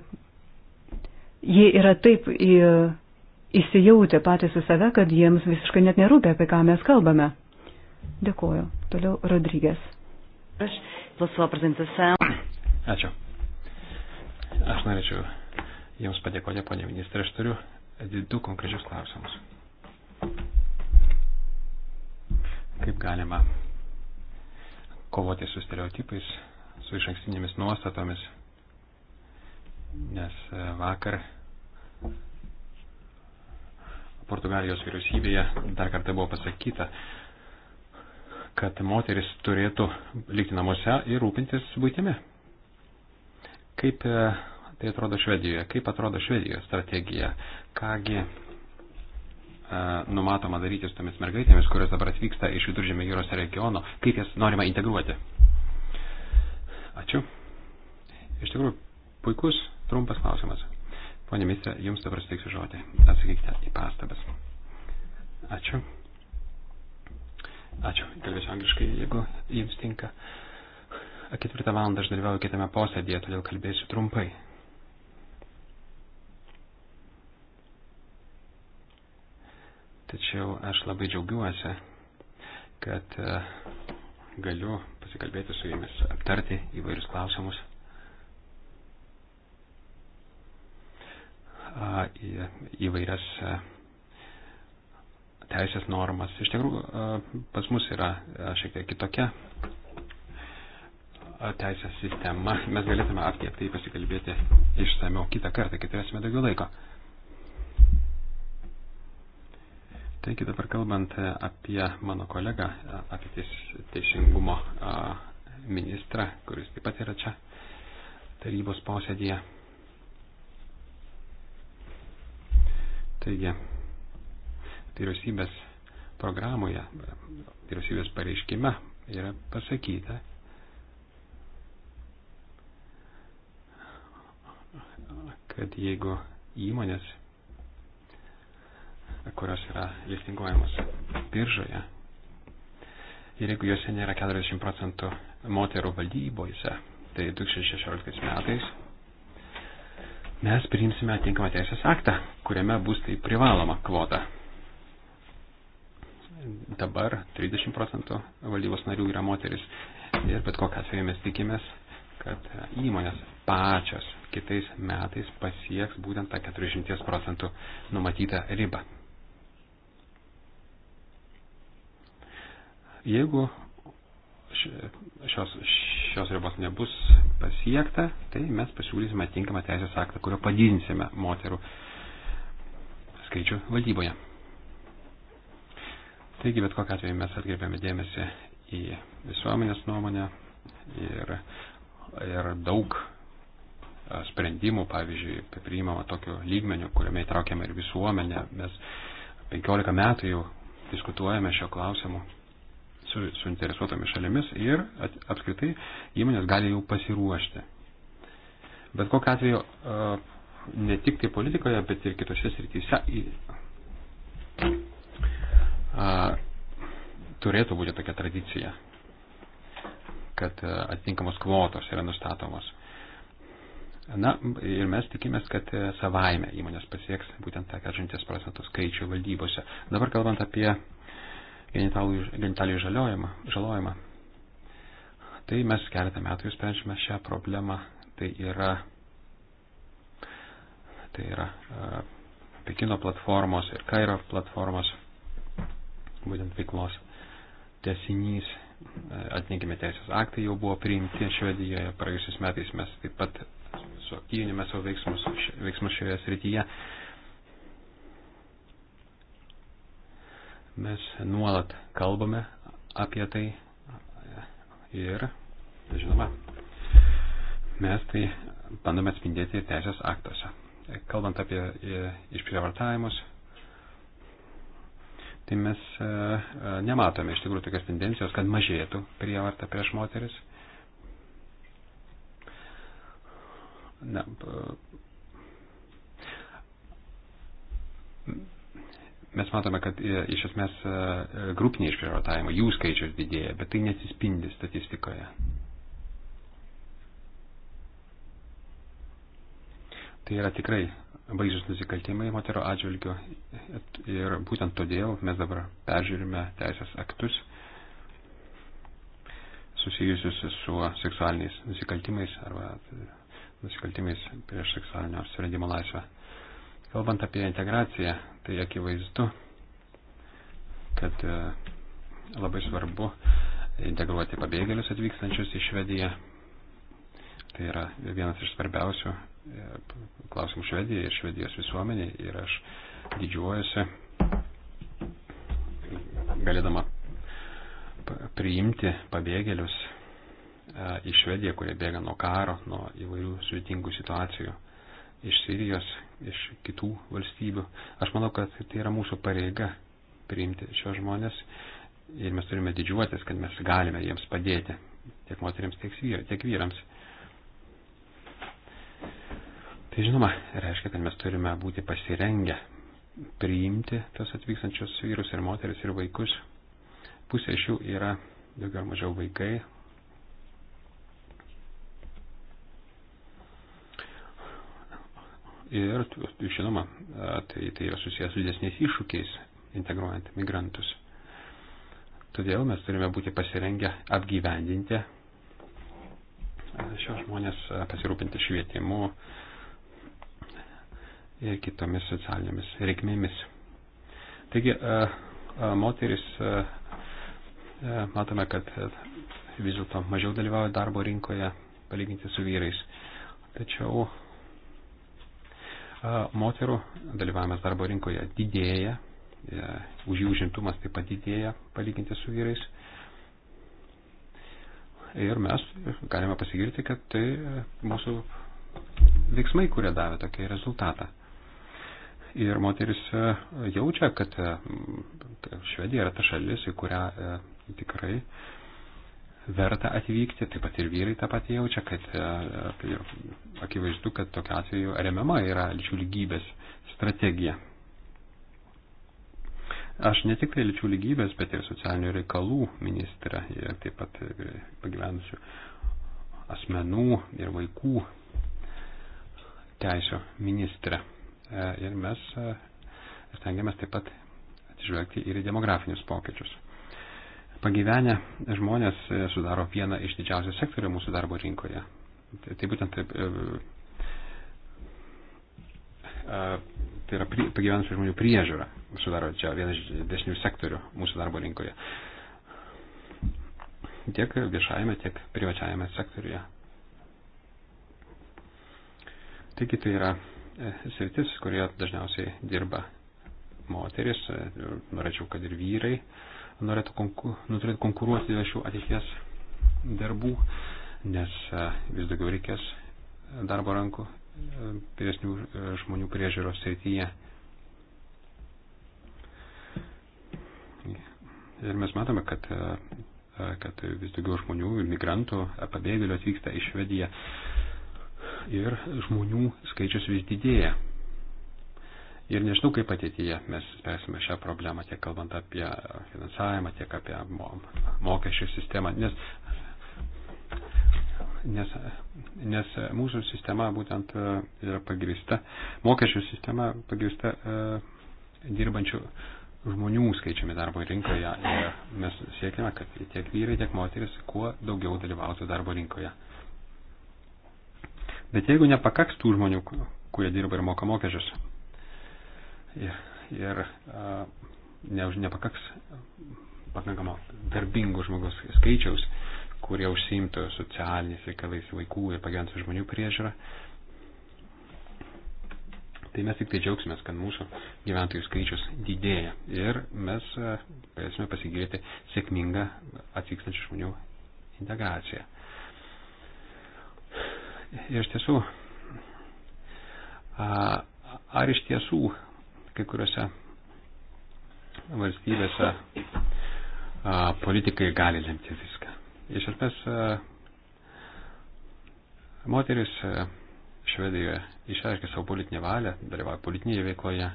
jie yra taip į, įsijautę patys į save, kad jiems visiškai net nerūpia, apie ką mes kalbame. Dėkuoju. Toliau Rodrygės. Aš plasuo prezentaciją. Ačiū. Aš norėčiau Jums padėkoti, ponė ministrė, aš turiu du konkrečius klausimus. Kaip galima kovoti su stereotipais, su iš ankstinėmis nuostatomis nes e, vakar Portugalijos vyriausybėje dar kartą buvo pasakyta, kad moteris turėtų likti namuose ir rūpintis būtimi. Kaip e, tai atrodo Švedijoje, kaip atrodo Švedijos strategija, kągi e, numatoma daryti su tomis mergaitėmis, kurios dabar atvyksta iš viduržėmio jūros regiono, kaip jas norima integruoti. Ačiū. Iš tikrųjų, puikus Trumpas klausimas. Pone ministrė, jums dabar steiksiu žodį. Atsakykite į pastabas. Ačiū. Ačiū. Kalbėsiu angliškai, jeigu jums tinka. Ketvirtą valandą aš dalyvauju kitame posėdėje, todėl kalbėsiu trumpai. Tačiau aš labai džiaugiuosi, kad e, galiu pasikalbėti su jumis, aptarti įvairius klausimus. į įvairias teisės normas. Iš tikrųjų, pas mus yra šiek tiek kitokia teisės sistema. Mes galėtume apie tai pasikalbėti išsameu kitą kartą, kai turėsime daugiau laiko. Taigi dabar kalbant apie mano kolegą, apie teisingumo ministrą, kuris taip pat yra čia tarybos posėdėje. Taigi, vyriausybės programoje, vyriausybės pareiškime yra pasakyta, kad jeigu įmonės, kurios yra listinguojamos biržoje, ir jeigu juose nėra 40 procentų moterų valdybose, tai 2016 metais mes priimsime tinkamą teisės aktą, kuriame bus tai privaloma kvota. Dabar 30 procentų valdybos narių yra moteris ir bet kokią atveju mes tikimės, kad įmonės pačios kitais metais pasieks būtent tą 40 procentų numatytą ribą. Jeigu šios, šios ribos nebus pasiekta, tai mes pasiūlysime tinkamą teisės aktą, kurio padidinsime moterų skaičių valdyboje. Taigi, bet kokią atveju mes atkreipiame dėmesį į visuomenės nuomonę ir, ir daug e, sprendimų, pavyzdžiui, priimama tokiu lygmeniu, kuriame įtraukiame ir visuomenę. Mes 15 metų jau diskutuojame šio klausimu su suinteresuotomis šalimis ir at, apskritai įmonės gali jau pasiruošti. Bet kokiu atveju ne tik tai politikoje, bet ir kitose srityse turėtų būti tokia tradicija, kad atitinkamos kvotos yra nustatomos. Na ir mes tikimės, kad e, savaime įmonės pasieks būtent tą 40 procentų skaičių valdybose. Dabar kalbant apie genitalijų žaliojimą, žalojimą. Tai mes keletą metų jau sprendžiame šią problemą. Tai yra, tai yra uh, Pekino platformos ir Kairo platformos būtent veiklos tesinys. E, Atitinkami teisės aktai jau buvo priimti Švedijoje. Praėjusiais metais mes taip pat suaktyvinėme savo veiksmus, veiksmus šioje srityje. Uh, Mes nuolat kalbame apie tai ir, žinoma, mes tai bandome atspindėti ir teisės aktuose. Kalbant apie e, išprievartavimus, tai mes e, e, nematome iš tikrųjų tokios tendencijos, kad mažėtų prievarta prieš moteris. Na, mes matome, kad e, iš esmės e, e, grupiniai išprievartavimai, jų skaičius didėja, bet tai nesispindi statistikoje. Tai yra tikrai baisus nusikaltimai moterų atžvilgių ir būtent todėl mes dabar peržiūrime teisės aktus susijusius su seksualiniais nusikaltimais arba nusikaltimais prieš seksualinio apsirendimo laisvę. Kalbant apie integraciją, tai akivaizdu, kad e, labai svarbu integruoti pabėgėlius atvykstančius į Švediją. Tai yra vienas iš svarbiausių e, klausimų Švedijai ir Švedijos visuomeniai ir aš didžiuojuosi galėdama priimti pabėgėlius e, į Švediją, kurie bėga nuo karo, nuo įvairių sudėtingų situacijų iš Sirijos, iš kitų valstybių. Aš manau, kad tai yra mūsų pareiga priimti šios žmonės ir mes turime didžiuotis, kad mes galime jiems padėti, tiek moteriams, tiek, vyr, tiek vyrams. Tai žinoma, reiškia, kad mes turime būti pasirengę priimti tas atvykstančius vyrus ir moteris ir vaikus. Pusė iš jų yra daugiau ar mažiau vaikai, Ir, žinoma, tai, tai yra susijęs su didesniais iššūkiais integruojant migrantus. Todėl mes turime būti pasirengę apgyvendinti šios žmonės, pasirūpinti švietimu ir kitomis socialinėmis reikmėmis. Taigi, moteris, matome, kad vis dėlto mažiau dalyvauja darbo rinkoje palyginti su vyrais. Tačiau moterų dalyvavimas darbo rinkoje didėja, e, už jų užimtumas taip pat didėja palyginti su vyrais. Ir mes galime pasigirti, kad tai e, mūsų veiksmai, kurie davė tokį rezultatą. Ir moteris e, jaučia, kad Švedija yra ta šalis, į kurią tikrai verta atvykti, taip pat ir vyrai tą patį jaučia, kad e, tai akivaizdu, kad tokia atveju remiama yra lyčių lygybės strategija. Aš ne tik tai lyčių lygybės, bet ir socialinių reikalų ministra ir taip pat pagyvenusių asmenų ir vaikų teisų ministra. E, ir mes e, stengiamės taip pat atsižvelgti ir į demografinius pokyčius. Pagyvenę žmonės e, sudaro vieną iš didžiausių sektorių mūsų darbo rinkoje. Tai, tai būtent taip, e, e, tai yra pagyvenusių žmonių priežiūra sudaro čia vienas iš didesnių sektorių mūsų darbo rinkoje. Tiek viešajame, tiek privačiajame sektoriuje. Taigi tai yra sritis, kurioje dažniausiai dirba moteris, norėčiau, kad ir vyrai. Uh, norėtų konkur, nu, turėtų konkuruoti dėl šių ateities darbų, nes e, vis daugiau reikės darbo rankų vyresnių e, e, žmonių priežiūros srityje. Ir mes matome, kad, kad vis daugiau žmonių, migrantų, pabėgėlių atvyksta į Švediją ir žmonių skaičius vis didėja. Ir nežinau, kaip ateityje mes spręsime šią problemą, tiek kalbant apie finansavimą, tiek apie mokesčių sistemą, nes, nes, nes mūsų sistema būtent e, yra pagrista, mokesčių sistema pagrista e, dirbančių žmonių skaičiumi darbo rinkoje ir mes siekime, kad tiek vyrai, tiek moteris kuo daugiau dalyvautų darbo rinkoje. Bet jeigu nepakaks tų žmonių, kurie dirba ir moka mokesčius, ir, ir ne, nepakaks pakankamo darbingų žmogaus skaičiaus, kurie užsiimtų socialiniais reikalais vaikų ir pagyventų žmonių priežiūrą. Tai mes tik tai džiaugsimės, kad mūsų gyventojų skaičius didėja ir mes galėsime pasigirti sėkmingą atvykstančių žmonių integraciją. Ir iš tiesų, ar iš tiesų kai kuriuose valstybėse a, politikai gali lemti viską. Iš esmės, moteris a, Švedijoje išreiškia savo politinę valią, dalyvauja politinėje veikloje.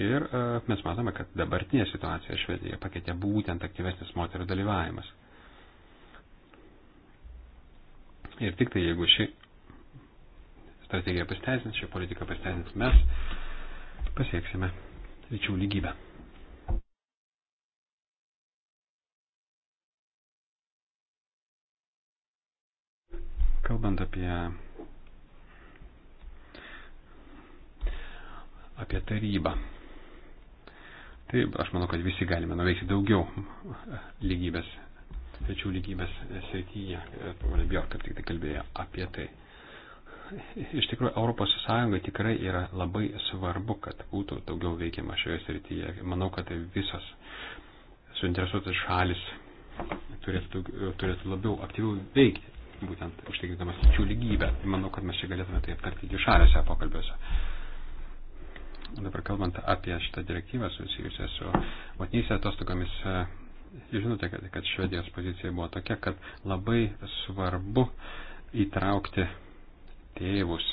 Ir a, mes matome, kad dabartinė situacija Švedijoje pakeitė būtent aktyvesnis moterų dalyvavimas. Ir tik tai jeigu ši strategija pasiteisins, ši politika pasiteisins, mes pasieksime lyčių lygybę. Kalbant apie, apie tarybą. Tai aš manau, kad visi galime nuveikti daugiau lygybės, lyčių lygybės srityje. Pavarė Bjork kaip tik tai kalbėjo apie tai iš tikrųjų Europos Sąjungai tikrai yra labai svarbu, kad būtų daugiau veikiama šioje srityje. Manau, kad visos suinteresuotas šalis turėtų, turėtų labiau aktyviau veikti, būtent užtikrintamas lyčių lygybę. Manau, kad mes čia galėtume tai aptarti dvišaliuose pokalbiuose. Dabar kalbant apie šitą direktyvą susijusią su motinystės atostogomis, e, žinote, kad, kad švedijos pozicija buvo tokia, kad labai svarbu įtraukti tėvus,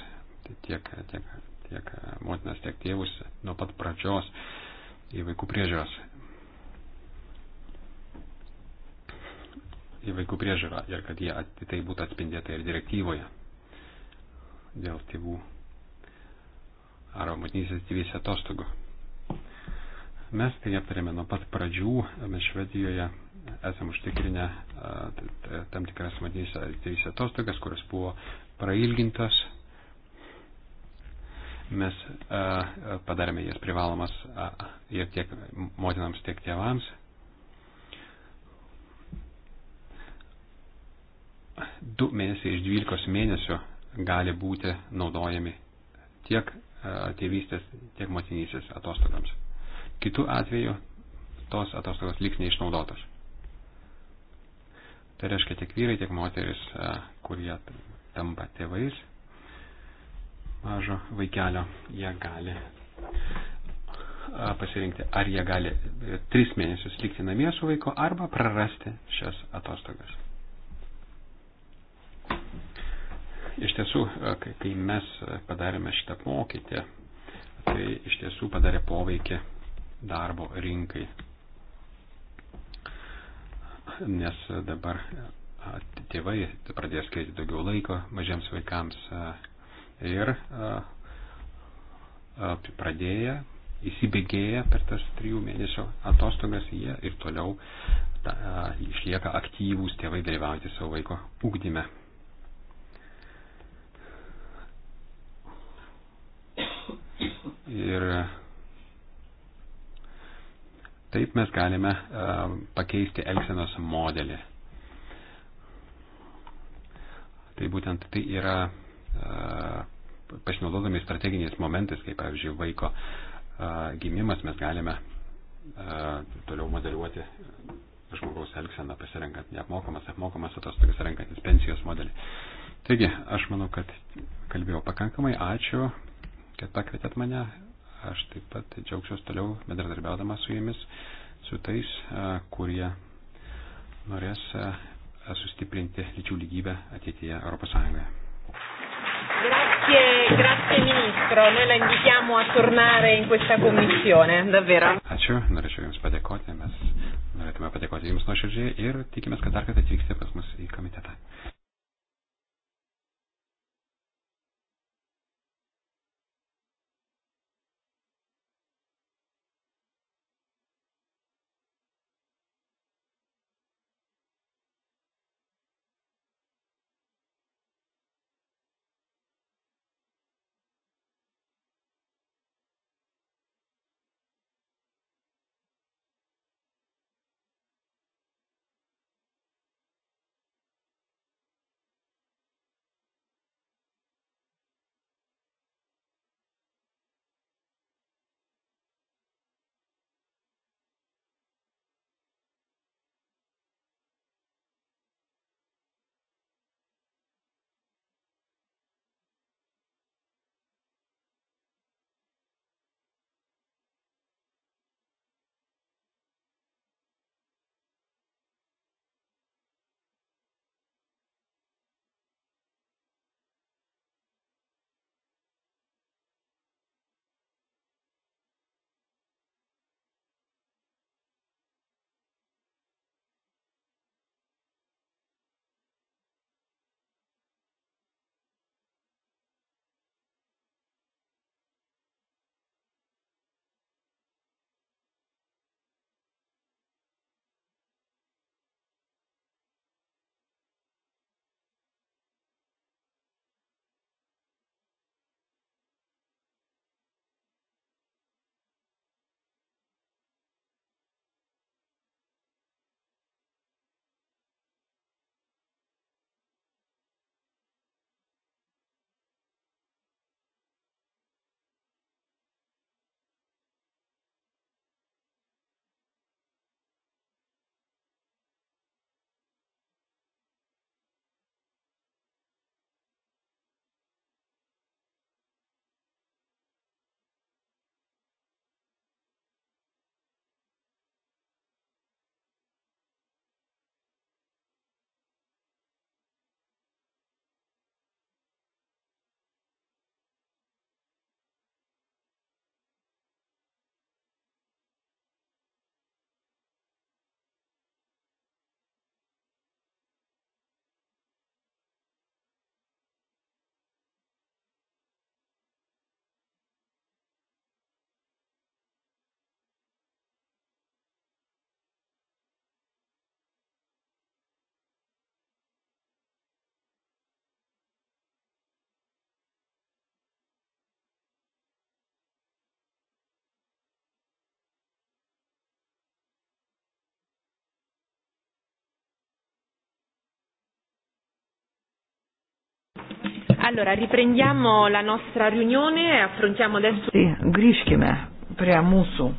tiek, tiek, tiek motinas, tiek tėvus nuo pat pradžios į vaikų priežiūros. Į vaikų priežiūrą ir kad jie tai būtų atspindėta ir direktyvoje dėl tėvų arba motinysės tėvys atostogų. Mes tai aptarėme nuo pat pradžių, mes Švedijoje esam užtikrinę tam tikras motinysės tėvys atostogas, kuris buvo prailgintos. Mes padarėme jas privalomas ir tiek motinams, tiek tėvams. Du mėnesiai iš dvylikos mėnesių gali būti naudojami tiek tėvystės, tiek motinysės atostogams. Kitu atveju tos atostogos liks neišnaudotos. Tai reiškia tiek vyrai, tiek moteris, kurie tampa tėvais mažo vaikelio, jie gali pasirinkti, ar jie gali e, tris mėnesius likti namie su vaiku arba prarasti šias atostogas. Iš tiesų, kai mes padarėme šitą pokytį, tai iš tiesų padarė poveikį darbo rinkai. Nes dabar tėvai pradėjo skirti daugiau laiko mažiems vaikams ir pradėję, įsibėgėję per tas trijų mėnesių atostogas, jie ir toliau ta, išlieka aktyvūs tėvai dalyvauti savo vaiko ūkdyme. Ir taip mes galime pakeisti elgsenos modelį Tai būtent tai yra e, pasinaudodami strateginiais momentais, kaip pavyzdžiui vaiko e, gimimas, mes galime e, toliau modeliuoti žmogaus elgseną, pasirenkant neapmokamas, apmokamas atostogas, renkantis pensijos modelį. Taigi, aš manau, kad kalbėjau pakankamai. Ačiū, kad pakvietėt mane. Aš taip pat džiaugsiuos toliau bendradarbiaudama su jumis, su tais, kurie norės sustiprinti lyčių lygybę ateityje ES. Grazie, grazie ministro, noi la invitiamo a tornare in questa commissione, davvero. Ačiū, norėčiau Jums padėkoti, mes norėtume padėkoti Jums nuoširdžiai ir tikimės, kad dar kartą atvyksite pas mus į komitetą. Allora, riprendiamo la nostra riunione e affrontiamo adesso. Sì, grįžkime prie mūsų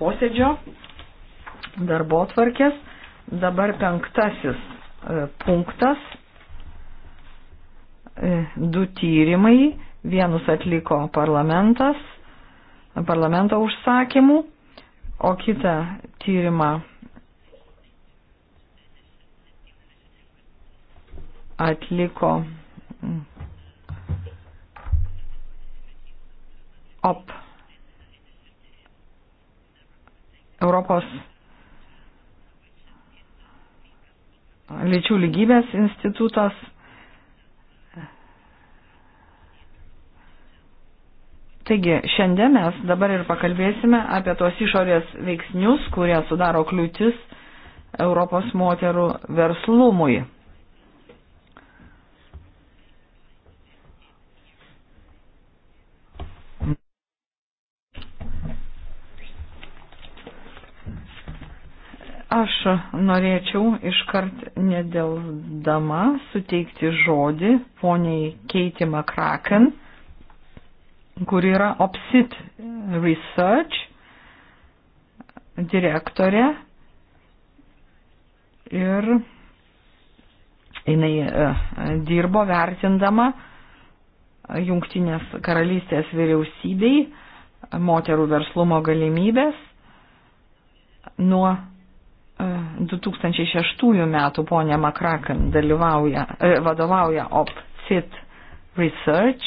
posėdžio darbo tvarkės. Dabar penktasis e, punktas. E, du tyrimai. Vienus atliko parlamentas, parlamento užsakymų, o kitą tyrimą atliko OP Europos lyčių lygybės institutas. Taigi, šiandien mes dabar ir pakalbėsime apie tos išorės veiksnius, kurie sudaro kliūtis Europos moterų verslumui. Aš norėčiau iškart nedėldama suteikti žodį poniai Keiti Makraken, kuri yra OPSIT Research direktorė ir jinai e, dirbo vertindama Jungtinės karalystės vyriausybei moterų verslumo galimybės nuo 2006 metų ponė Makrakan dalyvauja, e, vadovauja OPCIT Research.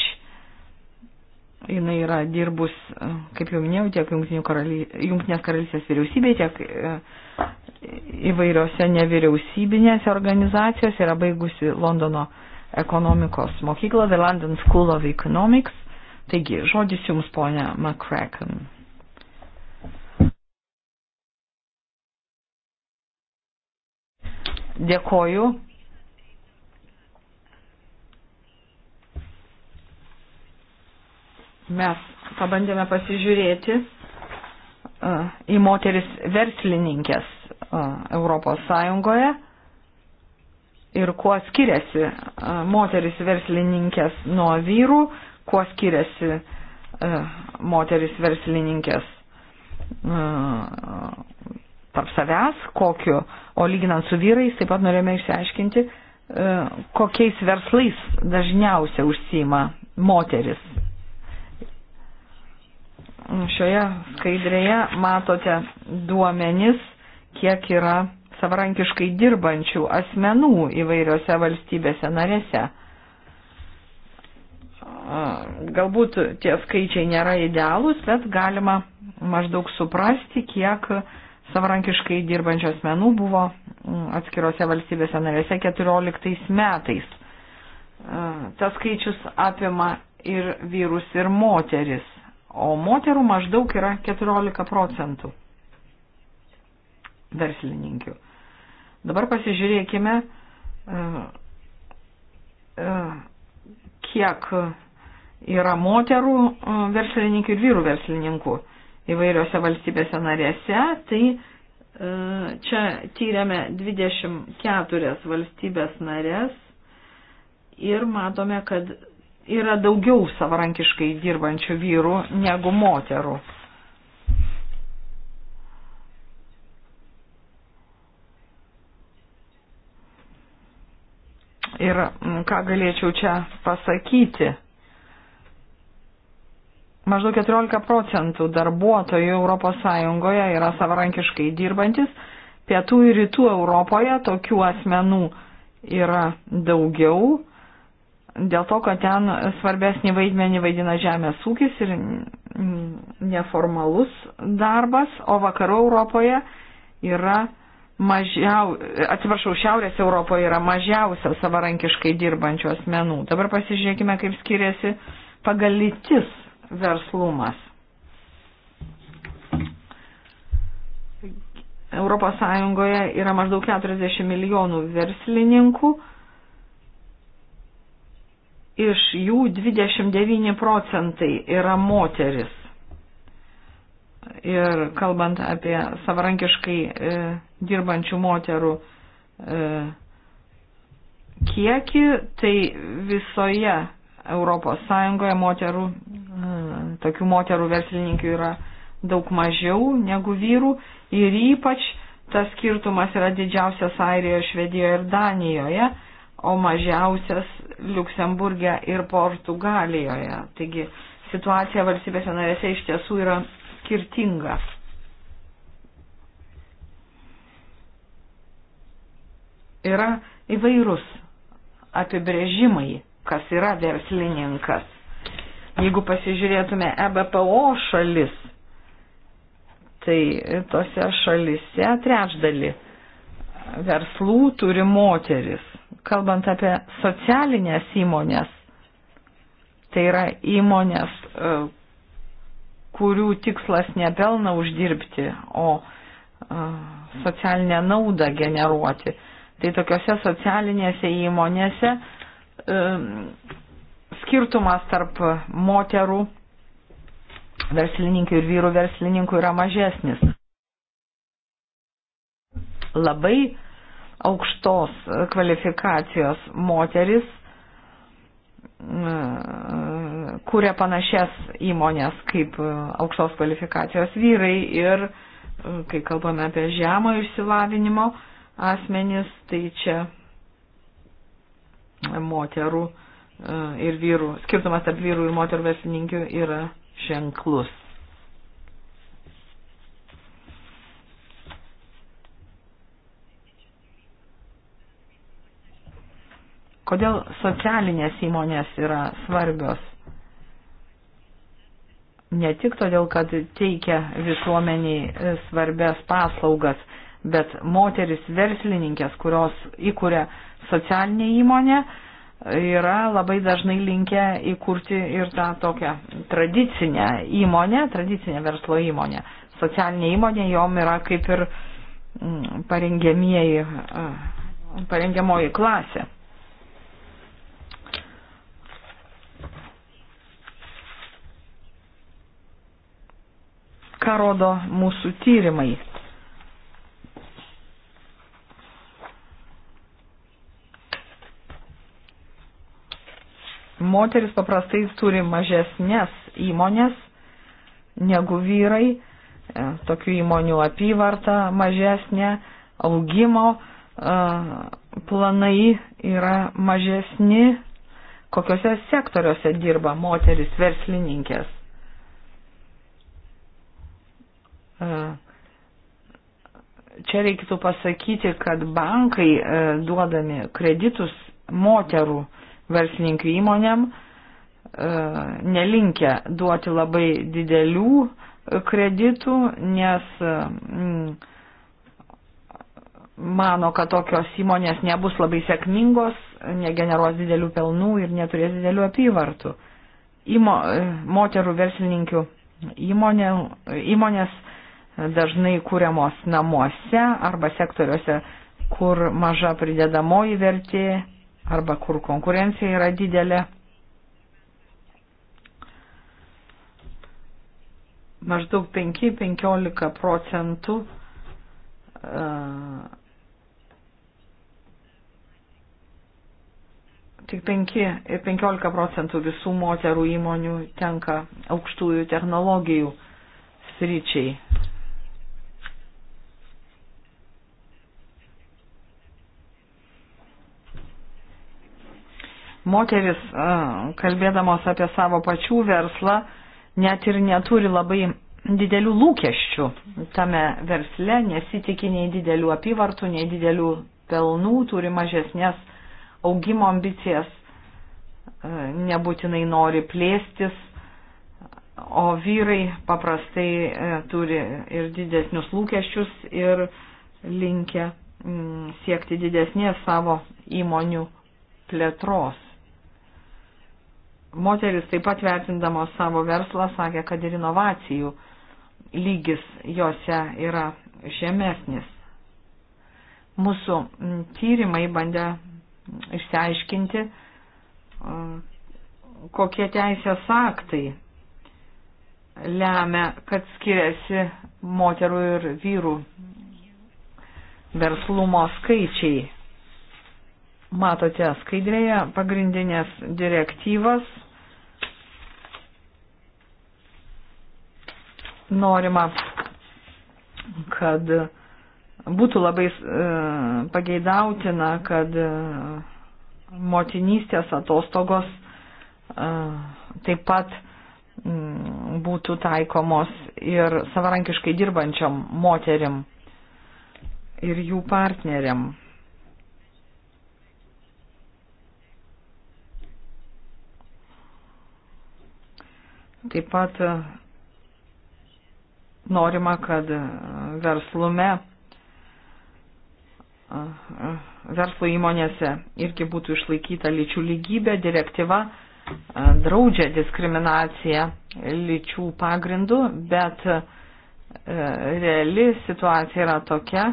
Jis yra dirbus, e, kaip jau minėjau, tiek karaly, Junktinės karalystės vyriausybėje, tiek e, įvairiose nevyriausybinėse organizacijose, yra baigusi Londono ekonomikos mokyklą, The London School of Economics. Taigi, žodis jums, ponia McCracken. Dėkoju. Mes pabandėme pasižiūrėti e, į moteris verslininkės e, Europos Sąjungoje ir kuo skiriasi e, moteris verslininkės nuo vyrų, kuo skiriasi moteris verslininkės tarp savęs, kokiu, o lyginant su vyrais taip pat norėjome išsiaiškinti, e, kokiais verslais dažniausiai užsima moteris. Šioje skaidrėje matote duomenis, kiek yra savarankiškai dirbančių asmenų įvairiose valstybėse narėse. E, galbūt tie skaičiai nėra idealūs, bet galima maždaug suprasti, kiek uh, savarankiškai dirbančių asmenų buvo mm, atskirose valstybėse narėse 14 metais. E, tas skaičius apima ir vyrus, ir moteris, o moterų maždaug yra 14 procentų verslininkių. Dabar pasižiūrėkime, e, e, kiek yra moterų verslininkų ir vyrų verslininkų įvairiose valstybėse narėse, tai e, čia tyrėme 24 valstybės narės ir matome, kad yra daugiau savarankiškai dirbančių vyrų negu moterų. Ir ką galėčiau čia pasakyti? Maždaug 14 procentų darbuotojų ES yra savarankiškai dirbantis, pietų ir rytų Europoje tokių asmenų yra daugiau, dėl to, kad ten svarbesnį vaidmenį vaidina žemės ūkis ir neformalus darbas, o vakarų Europoje yra mažiau, atsiprašau, Šiaurės Europoje yra mažiausia savarankiškai dirbančių asmenų. Dabar pasižiūrėkime, kaip skiriasi pagal lytis verslumas. Europos Sąjungoje yra maždaug 40 milijonų verslininkų, iš jų 29 procentai yra moteris. Ir kalbant apie savarankiškai e, dirbančių moterų e, kiekį, tai visoje Europos Sąjungoje moterų, e, tokių moterų verslininkių yra daug mažiau negu vyrų ir ypač tas skirtumas yra didžiausias Airijoje, Švedijoje ir Danijoje, o mažiausias Luksemburgė ir Portugalijoje. Taigi situacija valstybėse narėse iš tiesų yra skirtinga. Yra įvairūs apibrėžimai kas yra verslininkas. Jeigu pasižiūrėtume EBPO šalis, tai tose šalise trečdali verslų turi moteris. Kalbant apie socialinės įmonės, tai yra įmonės, e, kurių tikslas ne pelną uždirbti, o e, socialinę naudą generuoti. Tai tokiuose socialinėse įmonėse skirtumas tarp moterų verslininkų ir vyrų verslininkų yra mažesnis. Labai aukštos kvalifikacijos moteris kuria panašias įmonės kaip aukštos kvalifikacijos vyrai ir kai kalbame apie žemą išsilavinimo asmenis, tai čia moterų e, ir vyrų, skirtumas tarp vyrų ir moterų verslininkių yra ženklus. Kodėl socialinės įmonės yra svarbios? Ne tik todėl, kad teikia visuomeniai e, svarbės paslaugas, bet moteris verslininkės, kurios įkuria uh, socialinė įmonė yra labai dažnai linkę įkurti ir tą tokią tradicinę įmonę, tradicinę verslo įmonę. Socialinė įmonė jom yra kaip ir mm, parengėmieji, parengiamoji klasė. Ką rodo mūsų tyrimai? moteris paprastai turi mažesnės įmonės negu vyrai, e, tokių įmonių apyvarta mažesnė, augimo e, planai yra mažesni, kokiuose sektoriuose dirba moteris verslininkės. E, čia reikėtų pasakyti, kad bankai duodami kreditus moterų uh, verslininkų įmonėm e, nelinkia duoti labai didelių kreditų, nes mm, mano, kad tokios įmonės nebus labai sėkmingos, negeneruos didelių pelnų ir neturės didelių apyvartų. Įmo, e, moterų verslininkių įmonė, įmonės dažnai kūriamos namuose arba sektoriuose, kur maža pridedamoji vertė arba kur konkurencija yra didelė. Maždaug 5-15 procentų uh, tik 5-15 procentų visų moterų įmonių tenka aukštųjų technologijų sričiai. moteris, kalbėdamos apie savo pačių verslą, net ir neturi labai didelių lūkesčių tame versle, nesitiki nei didelių apyvartų, nei didelių pelnų, turi mažesnės augimo ambicijas, nebūtinai nori plėstis, o vyrai paprastai turi ir didesnius lūkesčius ir linkia siekti didesnės savo įmonių plėtros moteris taip pat vertindamos savo verslą sakė, kad ir inovacijų lygis jose yra žemesnis. Mūsų tyrimai bandė išsiaiškinti, kokie teisės aktai lemia, kad skiriasi moterų ir vyrų verslumo skaičiai. Matote skaidrėje pagrindinės direktyvas norima, kad būtų labai e, pageidautina, kad e, motinystės atostogos e, taip pat būtų taikomos ir savarankiškai dirbančiom moterim ir jų partneriam. Taip pat norima, kad e, verslume, e, e, verslo įmonėse irgi būtų išlaikyta lyčių lygybė, direktyva draudžia diskriminaciją lyčių pagrindų, bet reali situacija yra tokia,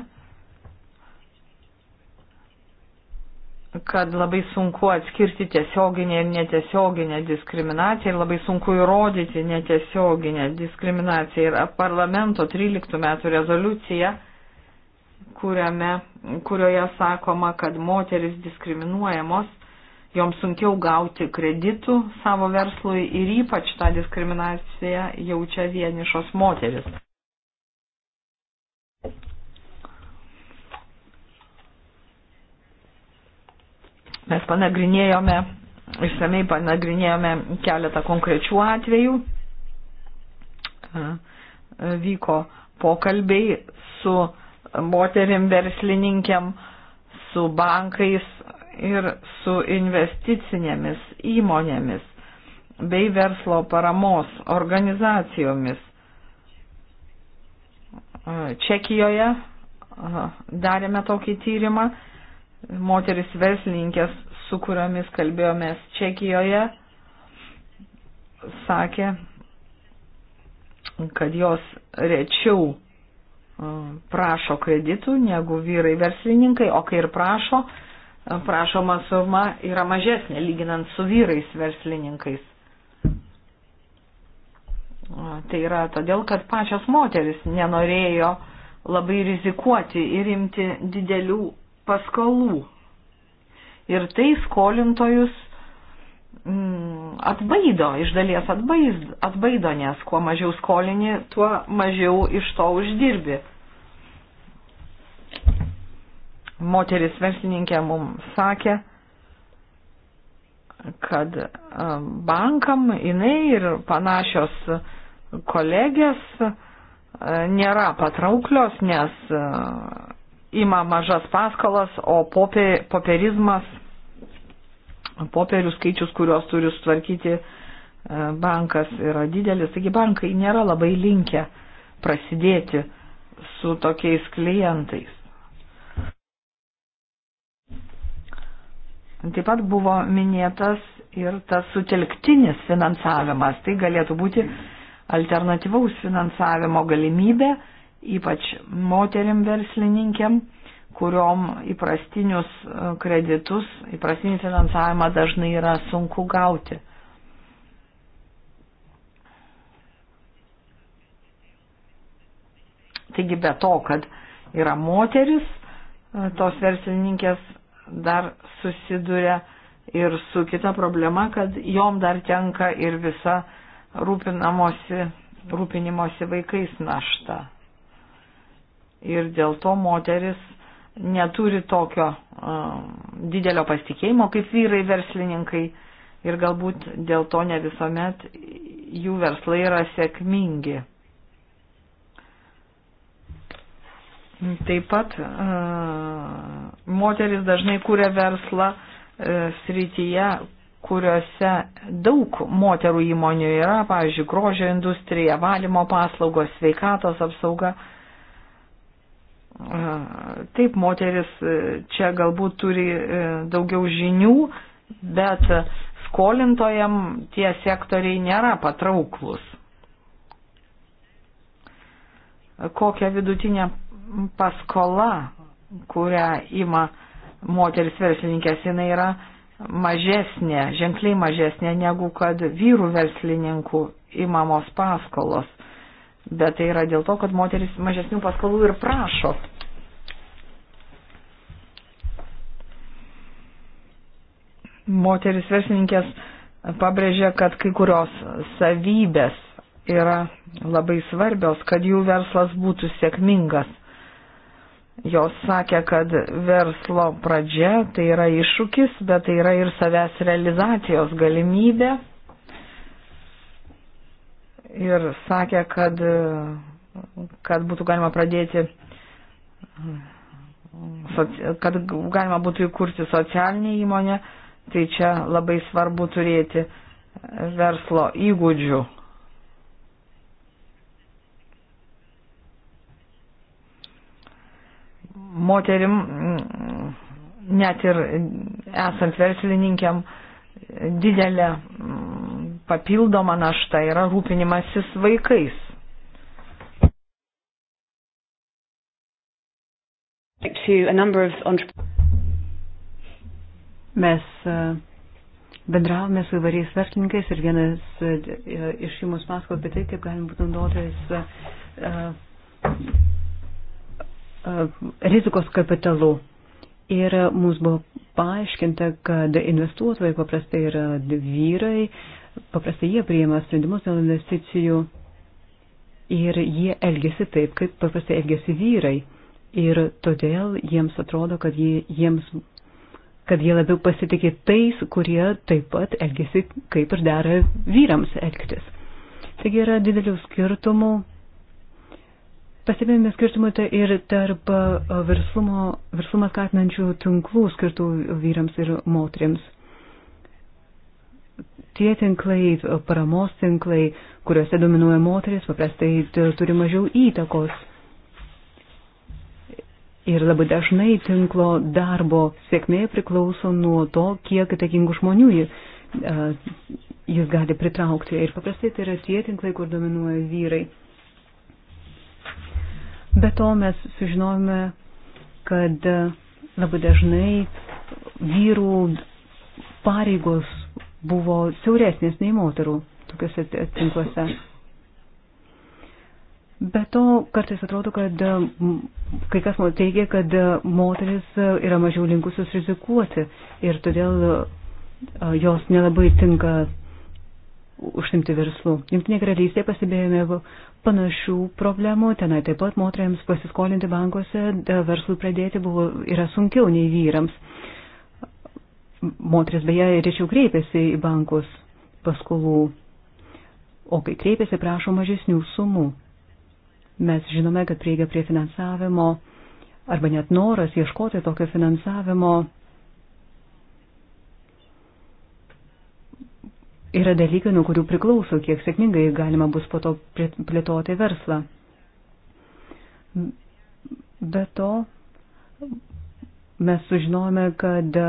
kad labai sunku atskirti tiesioginę ir netiesioginę diskriminaciją ir labai sunku įrodyti netiesioginę diskriminaciją. Ir parlamento 13 metų rezoliucija, kuriame, kurioje sakoma, kad moteris diskriminuojamos, joms sunkiau gauti kreditų savo verslui ir ypač tą diskriminaciją jaučia vienišos moteris. Mes panagrinėjome, išsamei panagrinėjome keletą konkrečių atvejų. Vyko pokalbiai su moterim verslininkėm, su bankais ir su investicinėmis įmonėmis bei verslo paramos organizacijomis. Čekijoje darėme tokį tyrimą moteris verslininkės, su kuriomis kalbėjomės Čekijoje, sakė, kad jos rečiau e, prašo kreditų negu vyrai verslininkai, o kai ir prašo, e, prašoma suma yra mažesnė lyginant su vyrais verslininkais. E, tai yra todėl, kad pačios moteris nenorėjo labai rizikuoti ir imti didelių paskolų. Ir tai skolintojus mm, atbaido, iš dalies atbaido, atbaido, nes kuo mažiau skolini, tuo mažiau iš to uždirbi. Moteris verslininkė mums sakė, kad bankam jinai ir panašios kolegės nėra patrauklios, nes ima mažas paskolas, o popierizmas, popierių skaičius, kuriuos turi sutvarkyti e, bankas, yra didelis. Taigi bankai nėra labai linkę prasidėti su tokiais klientais. Taip pat buvo minėtas ir tas sutelktinis finansavimas. Tai galėtų būti alternatyvaus finansavimo galimybė, ypač moterim verslininkėm, kuriom įprastinius e, kreditus, įprastinį finansavimą dažnai yra sunku gauti. Taigi be to, kad yra moteris, e, tos verslininkės dar susiduria ir su kita problema, kad jom dar tenka ir visa rūpinimosi vaikais našta ir dėl to moteris neturi tokio um, didelio pasitikėjimo kaip vyrai verslininkai ir galbūt dėl to ne visuomet jų verslai yra sėkmingi. Taip pat e, moteris dažnai kūrė verslą e, srityje, kuriuose daug moterų įmonių yra, pavyzdžiui, grožio industrija, valymo paslaugos, sveikatos apsauga. E, Taip, moteris e, čia galbūt turi e, daugiau žinių, bet skolintojam tie sektoriai nėra patrauklus. Kokia vidutinė paskola, kurią ima moteris verslininkės, jinai yra mažesnė, ženkliai mažesnė negu kad vyrų verslininkų imamos paskolos bet tai yra dėl to, kad moteris mažesnių paskolų ir prašo. Moteris verslininkės pabrėžia, kad kai kurios savybės yra labai svarbios, kad jų verslas būtų sėkmingas. Jos sakė, kad verslo pradžia tai yra iššūkis, bet tai yra ir savęs realizacijos galimybė ir sakė, kad, kad būtų galima pradėti, kad galima būtų įkurti socialinį įmonę, tai čia labai svarbu turėti verslo įgūdžių. Moterim, net ir esant verslininkiam, didelė papildoma našta yra rūpinimasis vaikais. Mes e, bendravome su įvairiais verslininkais ir vienas e, iš jų mus pasako apie tai, kaip galim būti naudotis e, rizikos kapitalu. Ir mums buvo paaiškinta, kad investuotojai paprastai yra vyrai, Paprastai jie priima sprendimus dėl investicijų ir jie elgesi taip, kaip paprastai elgesi vyrai. Ir todėl jiems atrodo, kad jie, jiems kad jie labiau pasitikė tais, kurie taip pat elgesi kaip ir dera vyrams elgtis. Taigi yra didelių skirtumų. Pastebėjome skirtumų tai ir tarp uh, verslumo, verslumą skatinančių tinklų skirtų vyrams ir moteriams tie tinklai, paramos tinklai, kuriuose dominuoja moteris, paprastai turi mažiau įtakos. Ir labai dažnai tinklo darbo sėkmė priklauso nuo to, kiek įtakingų žmonių jis gali pritraukti. Ir paprastai tai yra tie tinklai, kur dominuoja vyrai. Be to mes sužinojome, kad labai dažnai vyrų pareigos buvo siauresnės nei moterų tokiuose tinkluose. Be to, kartais atrodo, kad kai kas teigia, kad moteris yra mažiau linkusios rizikuoti ir todėl jos nelabai tinka užsimti verslų. Junktinė karalystė pastebėjome panašių problemų, tenai taip pat moteriams pasiskolinti bankuose verslų pradėti buvo, yra sunkiau nei vyrams. Moteris beje rečiau kreipiasi į bankus paskolų, o kai kreipiasi prašo mažesnių sumų. Mes žinome, kad prieiga prie finansavimo arba net noras ieškoti tokio finansavimo yra dalykai, nuo kurių priklauso, kiek sėkmingai galima bus po to plėtoti verslą. Be to, mes sužinome, kad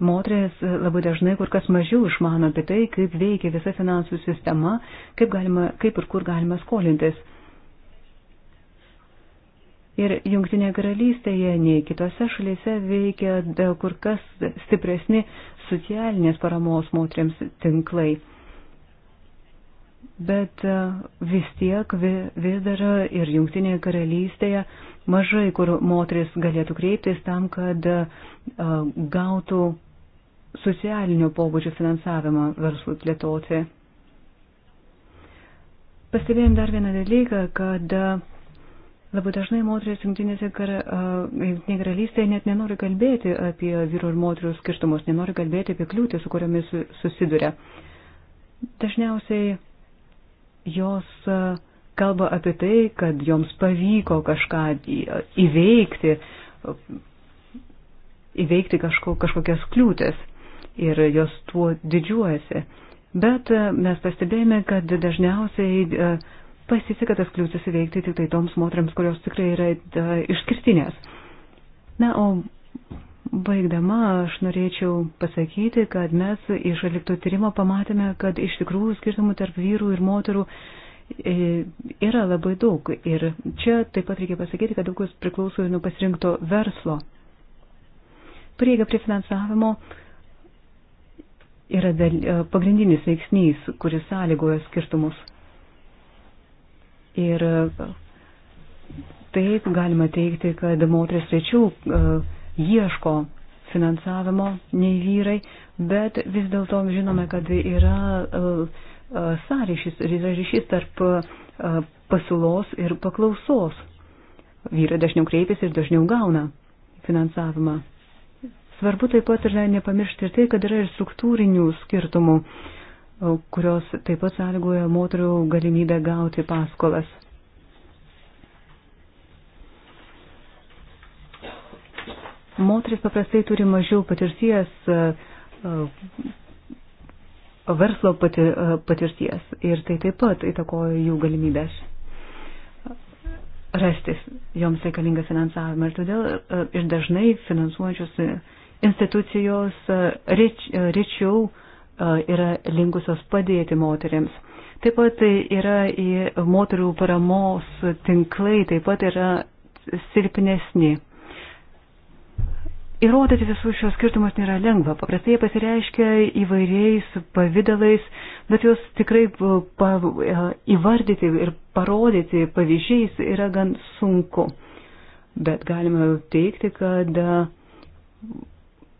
Moteris labai dažnai kur kas mažiau išmano apie tai, kaip veikia visa finansų sistema, kaip, galima, kaip ir kur galima skolintis. Ir Junktinė karalystėje, nei kitose šalyse veikia kur kas stipresni socialinės paramos moteriams tinklai. Bet vis tiek vis dar ir Junktinėje karalystėje mažai, kur moteris galėtų kreiptis tam, kad gautų socialinio pobūdžio finansavimą verslų plėtoti. Pastebėjom dar vieną dalyką, kad e, labai dažnai moteris jungtinėse e, jungtinė karalystėje net nenori kalbėti apie vyru ir moterų skirtumus, nenori kalbėti apie kliūtį, su kuriomis susiduria. Dažniausiai jos e, kalba apie tai, kad joms pavyko kažką įveikti, įveikti kažko, kažkokias kliūtis ir jos tuo didžiuojasi. Bet e, mes pastebėjome, kad dažniausiai e, pasiseka tas kliūtis įveikti tik tai toms moteriams, kurios tikrai yra e, išskirtinės. Na, o baigdama aš norėčiau pasakyti, kad mes iš atlikto tyrimo pamatėme, kad iš tikrųjų skirtumų tarp vyrų ir moterų yra labai daug. Ir čia taip pat reikia pasakyti, kad daug kas priklauso ir nuo pasirinkto verslo. Prieiga prie finansavimo yra dal, e, pagrindinis veiksnys, kuris sąlygoja skirtumus. Ir e, taip galima teikti, kad moteris rečiau e, ieško finansavimo nei vyrai, bet vis dėlto žinome, kad yra sąryšys, yra ryšys tarp pasiūlos ir paklausos. Vyrai dažniau kreipiasi ir dažniau gauna finansavimą. Svarbu taip pat ir nepamiršti ir tai, kad yra ir struktūrinių skirtumų, kurios taip pat sąlygoja moterų galimybę gauti paskolas. Moteris paprastai turi mažiau patirties, verslo patirties ir tai taip pat įtakoja jų galimybės rastis joms reikalingą finansavimą ir todėl ir dažnai finansuojančios institucijos e, reč, e, rečiau e, yra linkusios padėti moteriams. Taip pat yra į moterų paramos tinklai, taip pat yra silpnesni. Įrodyti visus šios skirtumus nėra lengva. Paprastai jie pasireiškia įvairiais pavydalais, bet juos tikrai pa, įvardyti ir parodyti pavyzdžiais yra gan sunku. Bet galime teikti, kad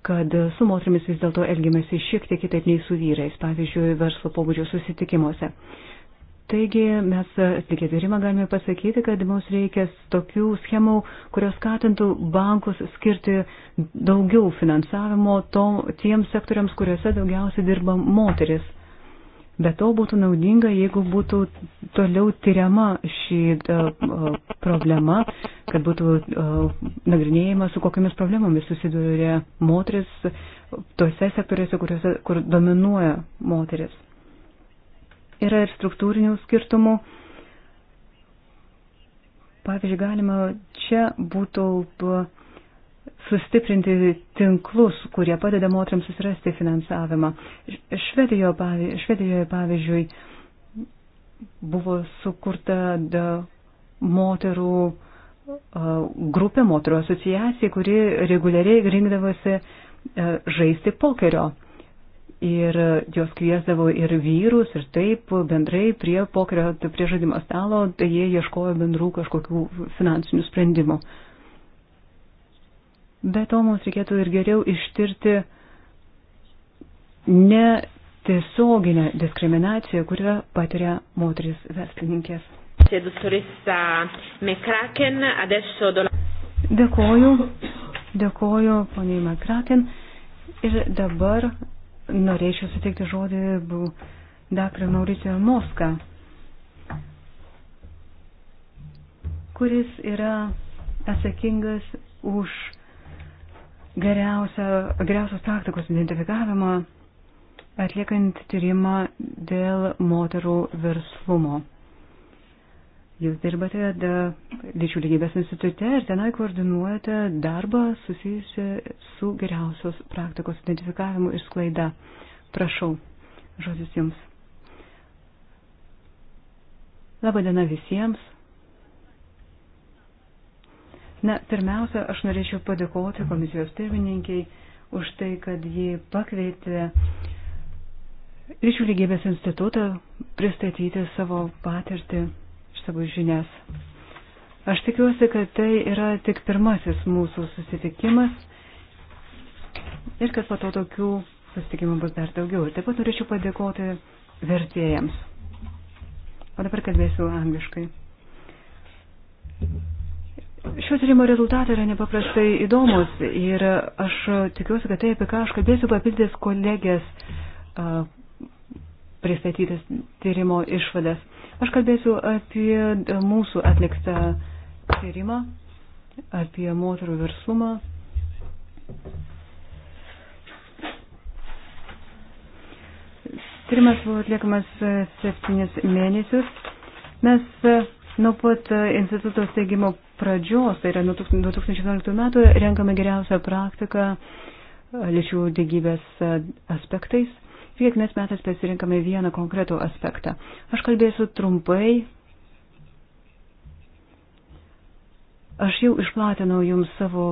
kad su moterimis vis dėlto elgiamasi šiek tiek kitaip nei su vyrais, pavyzdžiui, verslo pobūdžio susitikimuose. Taigi mes atlikę tyrimą galime pasakyti, kad mums reikia tokių schemų, kurios skatintų bankus skirti daugiau finansavimo to, tiems sektoriams, kuriuose daugiausiai dirba moteris. Be to būtų naudinga, jeigu būtų toliau tyriama ši e, e, problema, kad būtų e, nagrinėjama, su kokiamis problemomis susiduria moteris tose sektoriuose, kuriuose, kur dominuoja moteris. Yra ir struktūrinių skirtumų. Pavyzdžiui, galima čia būtų. Uh, sustiprinti tinklus, kurie padeda moteriams susirasti finansavimą. Švedijoje, pavyzdžiui, Švedijoje, pavyzdžiui buvo sukurta moterų grupė, moterų asociacija, kuri reguliariai rinkdavosi žaisti pokerio. Ir jos kviesdavo ir vyrus, ir taip bendrai prie pokerio, prie žaidimo stalo, tai jie ieškojo bendrų kažkokių finansinių sprendimų. Uh, Be to mums reikėtų ir geriau ištirti netiesioginę diskriminaciją, kurią patiria moteris verslininkės. Dėkoju, dėkoju poniai McCracken ir dabar norėčiau suteikti žodį daktarui Mauricijui Moska, kuris yra atsakingas už geriausia, geriausios praktikos identifikavimą atliekant tyrimą dėl moterų verslumo. Jūs dirbate lyčių lygybės institute ir tenai koordinuojate darbą susijusią su geriausios praktikos identifikavimu ir sklaida. Prašau, žodis jums. Labą dieną visiems. Na, pirmiausia, aš norėčiau padėkoti komisijos pirmininkiai už tai, kad ji pakvietė Ryšių lygybės institutą pristatyti savo patirtį, savo žinias. Aš tikiuosi, kad tai yra tik pirmasis mūsų susitikimas ir kad po to tokių susitikimų bus dar daugiau. Ir taip pat norėčiau padėkoti vertėjams. O dabar kalbėsiu angliškai. Šio tyrimo rezultatai yra nepaprastai įdomus ir aš tikiuosi, kad tai, apie ką aš kalbėsiu, papildys kolegės uh, pristatytas tyrimo išvadas. Aš kalbėsiu apie mūsų atliktą tyrimą, apie moterų verslumą. Tyrimas buvo atliekamas septynis mėnesius. Mes nuo pat instituto steigimo pradžios, tai yra nuo 2011 metų renkame geriausią praktiką lyčių dygybės aspektais. Ir kiekvienais metais pasirinkame vieną konkretų aspektą. Aš kalbėsiu trumpai. Aš jau išplatinau jums savo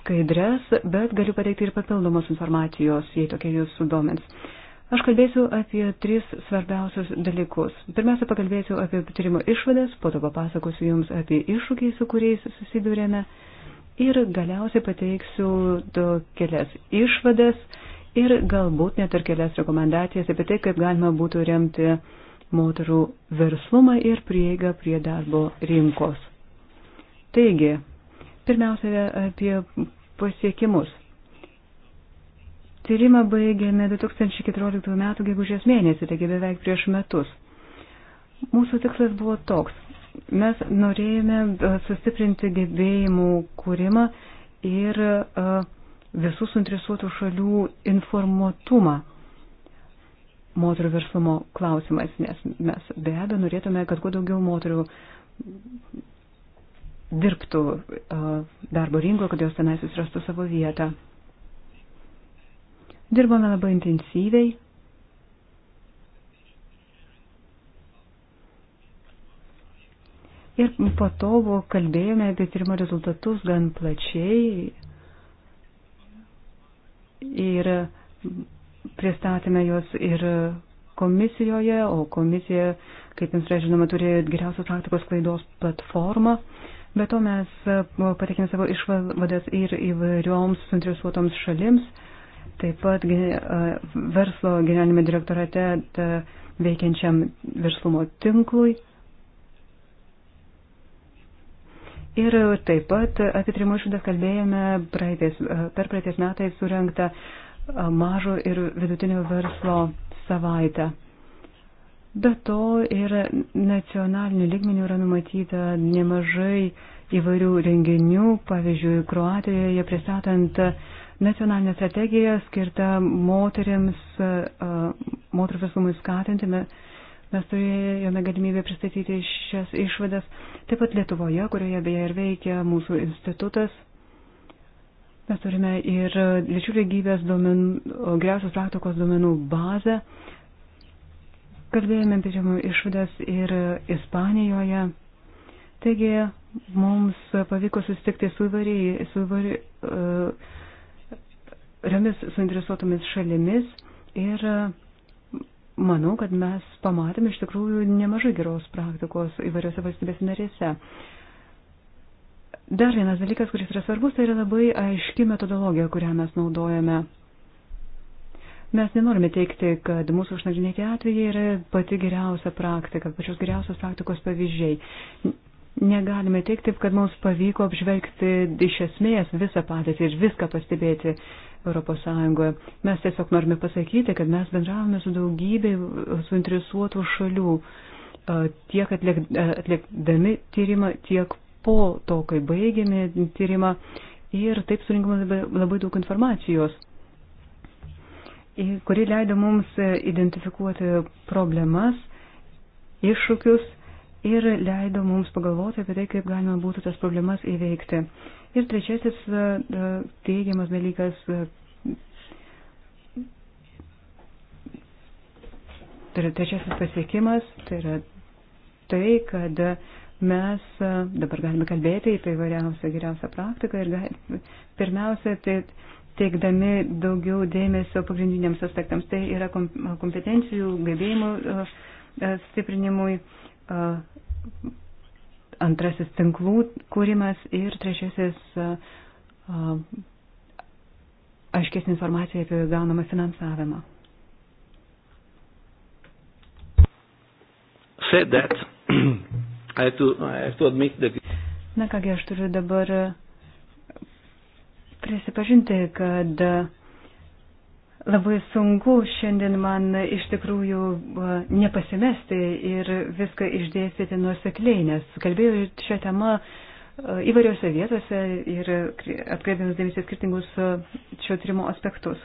skaidres, bet galiu pateikti ir papildomos informacijos, jei tokia jūs sudomins. Aš kalbėsiu apie tris svarbiausius dalykus. Pirmiausia, pakalbėsiu apie tyrimo išvadas, po to papasakosiu Jums apie iššūkiai, su kuriais susidurėme ir galiausiai pateiksiu kelias išvadas ir galbūt net ir kelias rekomendacijas apie tai, kaip galima būtų remti moterų verslumą ir prieigą prie darbo rinkos. Taigi, pirmiausia apie pasiekimus. Tyrimą baigėme 2014 m. gegužės mėnesį, taigi beveik prieš metus. Mūsų tikslas buvo toks. Mes norėjome e, sustiprinti gebėjimų kūrimą ir e, visų suinteresuotų šalių informuotumą moterų verslumo klausimais, nes mes be abejo norėtume, kad kuo daugiau moterų dirbtų e, darbo rinkoje, kad jos tenais susirastų savo vietą. Dirbome labai intensyviai. Ir po to kalbėjome apie tyrimo rezultatus gan plačiai ir pristatėme juos ir komisijoje, o komisija, kaip jums yra žinoma, turi geriausios praktikos klaidos platformą. Be to mes patekėme savo išvadas ir įvairioms suinteresuotoms šalims taip pat verslo generalinėme direktorate veikiančiam verslumo tinklui. Ir taip pat apie trimų išvadas kalbėjome praeitais, per praeitais metais surinktą mažo ir vidutinio verslo savaitę. Be to ir nacionaliniu lygmeniu yra numatyta nemažai įvairių renginių, pavyzdžiui, Kroatijoje pristatant uh, nacionalinė strategija skirta moteriams, moterų verslumui skatinti. Mes turėjome galimybę pristatyti šias išvadas. Taip pat Lietuvoje, kurioje beje ir veikia mūsų institutas. Mes turime ir lyčių lygybės duomenų, geriausios praktikos duomenų bazę. Kalbėjome apie žemų išvadas ir Ispanijoje. Taigi mums pavyko susitikti su įvairiai, su įvairiai uh, riomis suinteresuotomis šalimis ir e, manau, kad mes pamatėme iš tikrųjų nemažai geros praktikos įvairiose valstybės narėse. Dar vienas dalykas, kuris yra svarbus, tai yra labai aiški metodologija, kurią mes naudojame. Mes nenorime teikti, kad mūsų išnagrinėti atvejai yra pati geriausia praktika, pačios geriausios praktikos pavyzdžiai. Negalime teikti, kad mums pavyko apžvelgti iš esmės visą padėtį ir viską pastebėti Europos Sąjungoje. Mes tiesiog norime pasakyti, kad mes bendravome su daugybė suinteresuotų šalių tiek atlikdami tyrimą, tiek po to, kai baigėme tyrimą ir taip surinkome labai daug informacijos, kuri leido mums identifikuoti problemas, iššūkius ir leido mums pagalvoti apie tai, kaip galima būtų tas problemas įveikti. Ir trečiasis e, e, teigiamas dalykas. E, tai yra trečiasis pasiekimas, tai yra tai, kad mes dabar galime kalbėti apie įvairiausią geriausią praktiką ir gal, pirmiausia, tai teikdami daugiau dėmesio pagrindiniams aspektams, tai yra kompetencijų, gebėjimų stiprinimui, antrasis tinklų kūrimas ir trečiasis aiškesnė informacija apie gaunamą finansavimą. Said that, I have to, I have to admit that... Na kągi, aš turiu dabar prisipažinti, kad uh, Labai sunku šiandien man iš tikrųjų e, nepasimesti ir viską išdėstyti nuosekliai, nes kalbėjau šią temą e, įvairiose vietose ir atkreipdamas dėmesį skirtingus e, šio tyrimo aspektus.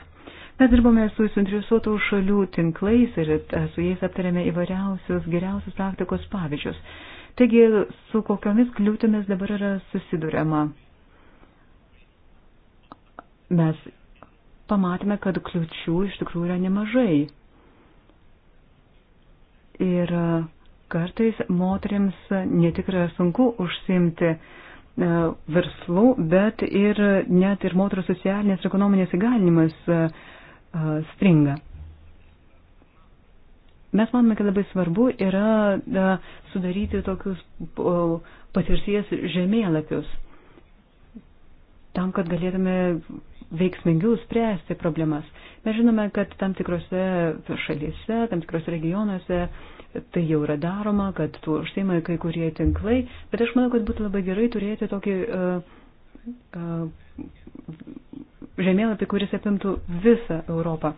Mes dirbome su suinteresuotų šalių tinklais ir su jais aptarėme įvairiausius geriausius praktikos pavyzdžius. Taigi, su kokiomis kliūtimis dabar yra susidurėma? Mes pamatėme, kad kliučių iš tikrųjų yra nemažai. Ir e, kartais moteriams ne tik yra sunku užsimti e, verslų, bet ir net ir moterų socialinės ir ekonominės įgalinimas e, stringa. Mes manome, kad labai svarbu yra sudaryti tokius patirties žemėlapius, tam, kad galėtume veiksmingiau spręsti problemas. Mes žinome, kad tam tikrose šalyse, tam tikrose regionuose tai jau yra daroma, kad tuo užsima kai kurie tinklai, bet aš manau, kad būtų labai gerai turėti tokį uh, uh, žemėlapį, kuris apimtų visą Europą.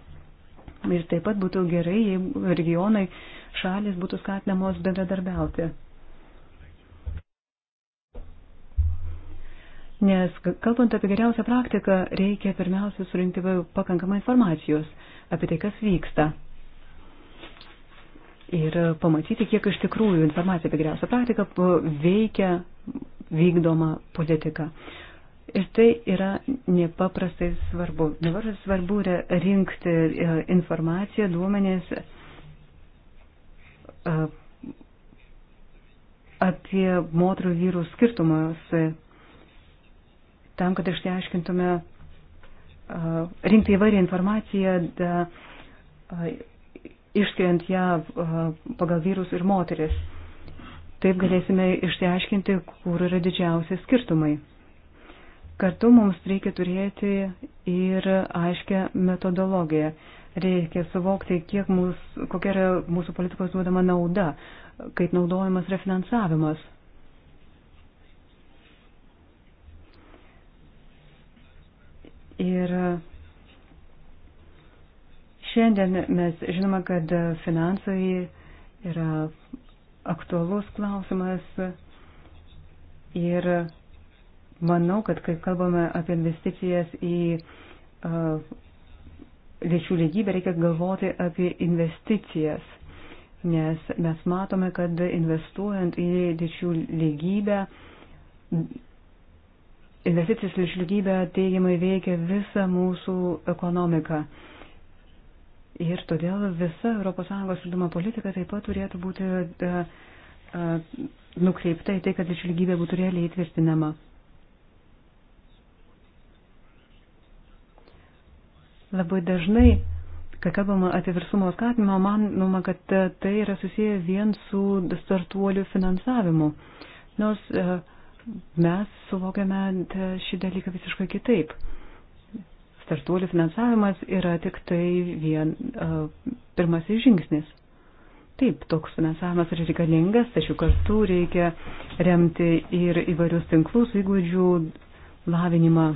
Ir taip pat būtų gerai, jei regionai, šalis būtų skatinamos bendradarbiauti. nes kalbant apie geriausią praktiką, reikia pirmiausia surinkti pakankamą informacijos apie tai, kas vyksta. Ir e, pamatyti, kiek iš tikrųjų informacija apie geriausią praktiką e, veikia vykdoma politika. Ir tai yra nepaprastai svarbu. Dabar svarbu yra rinkti e, informaciją, duomenės apie moterų vyrų skirtumus tam, kad išsiaiškintume rinkti įvairią informaciją, išskiriant ją pagal vyrus ir moteris. Taip galėsime išsiaiškinti, kur yra didžiausi skirtumai. Kartu mums reikia turėti ir aiškę metodologiją. Reikia suvokti, mūs, kokia yra mūsų politikos duodama nauda, kaip naudojamas yra finansavimas. Ir šiandien mes žinome, kad finansai yra aktualus klausimas ir manau, kad kai kalbame apie investicijas į uh, lyčių lygybę, reikia galvoti apie investicijas, nes mes matome, kad investuojant į lyčių lygybę Investicijos išlygybė teigiamai veikia visą mūsų ekonomiką. Ir todėl visa ES judumo politika taip pat turėtų būti da, e, a, e, nukreipta į tai, kad išlygybė būtų realiai įtvirtinama. Labai dažnai, kai kalbama apie virsumo skatinimą, manoma, kad tai yra susiję vien su startuolių finansavimu. Nors uh, mes suvokiame šį dalyką visiškai kitaip. Startuolių finansavimas yra tik tai vien, uh, pirmasis žingsnis. Taip, toks finansavimas yra reikalingas, tačiau kartu reikia remti ir įvairius tinklus, įgūdžių lavinimą.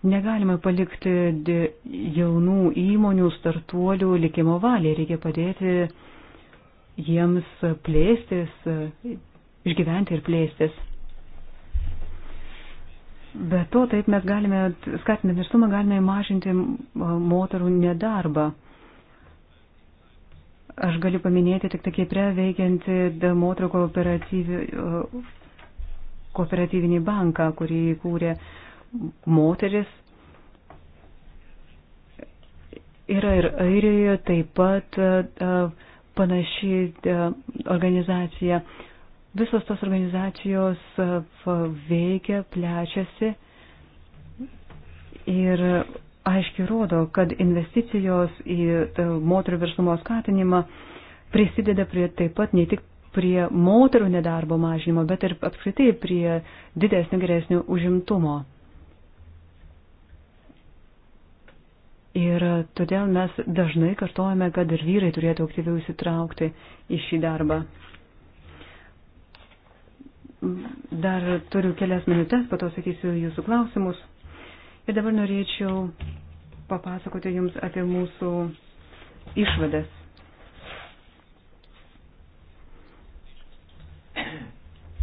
Negalime palikti jaunų įmonių startuolių likimo valiai, reikia padėti uh, jiems plėstis, išgyventi ir plėstis. Be to, taip mes galime, skatinant mirštumą, galime mažinti moterų nedarbą. Aš galiu paminėti tik tai Kiprė veikianti moterų kooperatyvinį banką, kurį kūrė moteris. Yra ir Airijoje taip pat. Uh, panaši e, organizacija. Visos tos organizacijos e, veikia, plečiasi ir aiškiai rodo, kad investicijos į e, moterų verslumo skatinimą prisideda prie taip pat ne tik prie moterų nedarbo mažinimo, bet ir apskritai prie didesnio geresnio užimtumo. Ir todėl mes dažnai kartojame, kad ir vyrai turėtų aktyviau įsitraukti į šį darbą. Dar turiu kelias minutės, pato sakysiu jūsų klausimus. Ir dabar norėčiau papasakoti jums apie mūsų išvadas.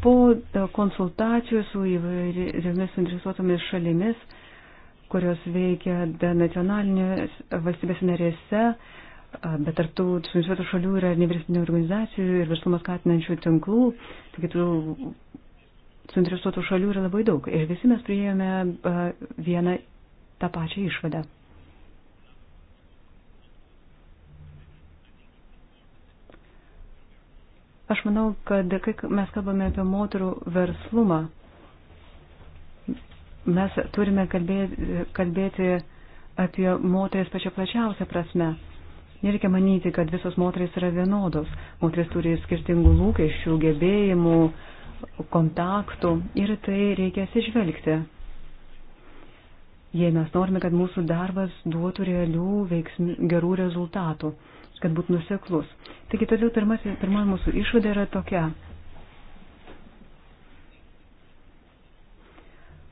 Po konsultacijų su įvairiomis interesuotomis šalimis kurios veikia nacionalinės valstybės narėse, bet tarptų suinteresuotų šalių yra nevyriausybinių organizacijų ir verslumą skatinančių tinklų. Taigi tų suinteresuotų šalių yra labai daug. Ir visi mes priėjome vieną tą pačią išvadą. Aš manau, kad kai mes kalbame apie moterų verslumą, mes turime kalbėti, kalbėti apie moteris pačią plačiausią prasme. Nereikia manyti, kad visos moteris yra vienodos. Moteris turi skirtingų lūkesčių, gebėjimų, kontaktų ir tai reikia atsižvelgti. Jei mes norime, kad mūsų darbas duotų realių veiksmų, gerų rezultatų, kad būtų nuseklus. Taigi todėl pirmoji mūsų išvada yra tokia.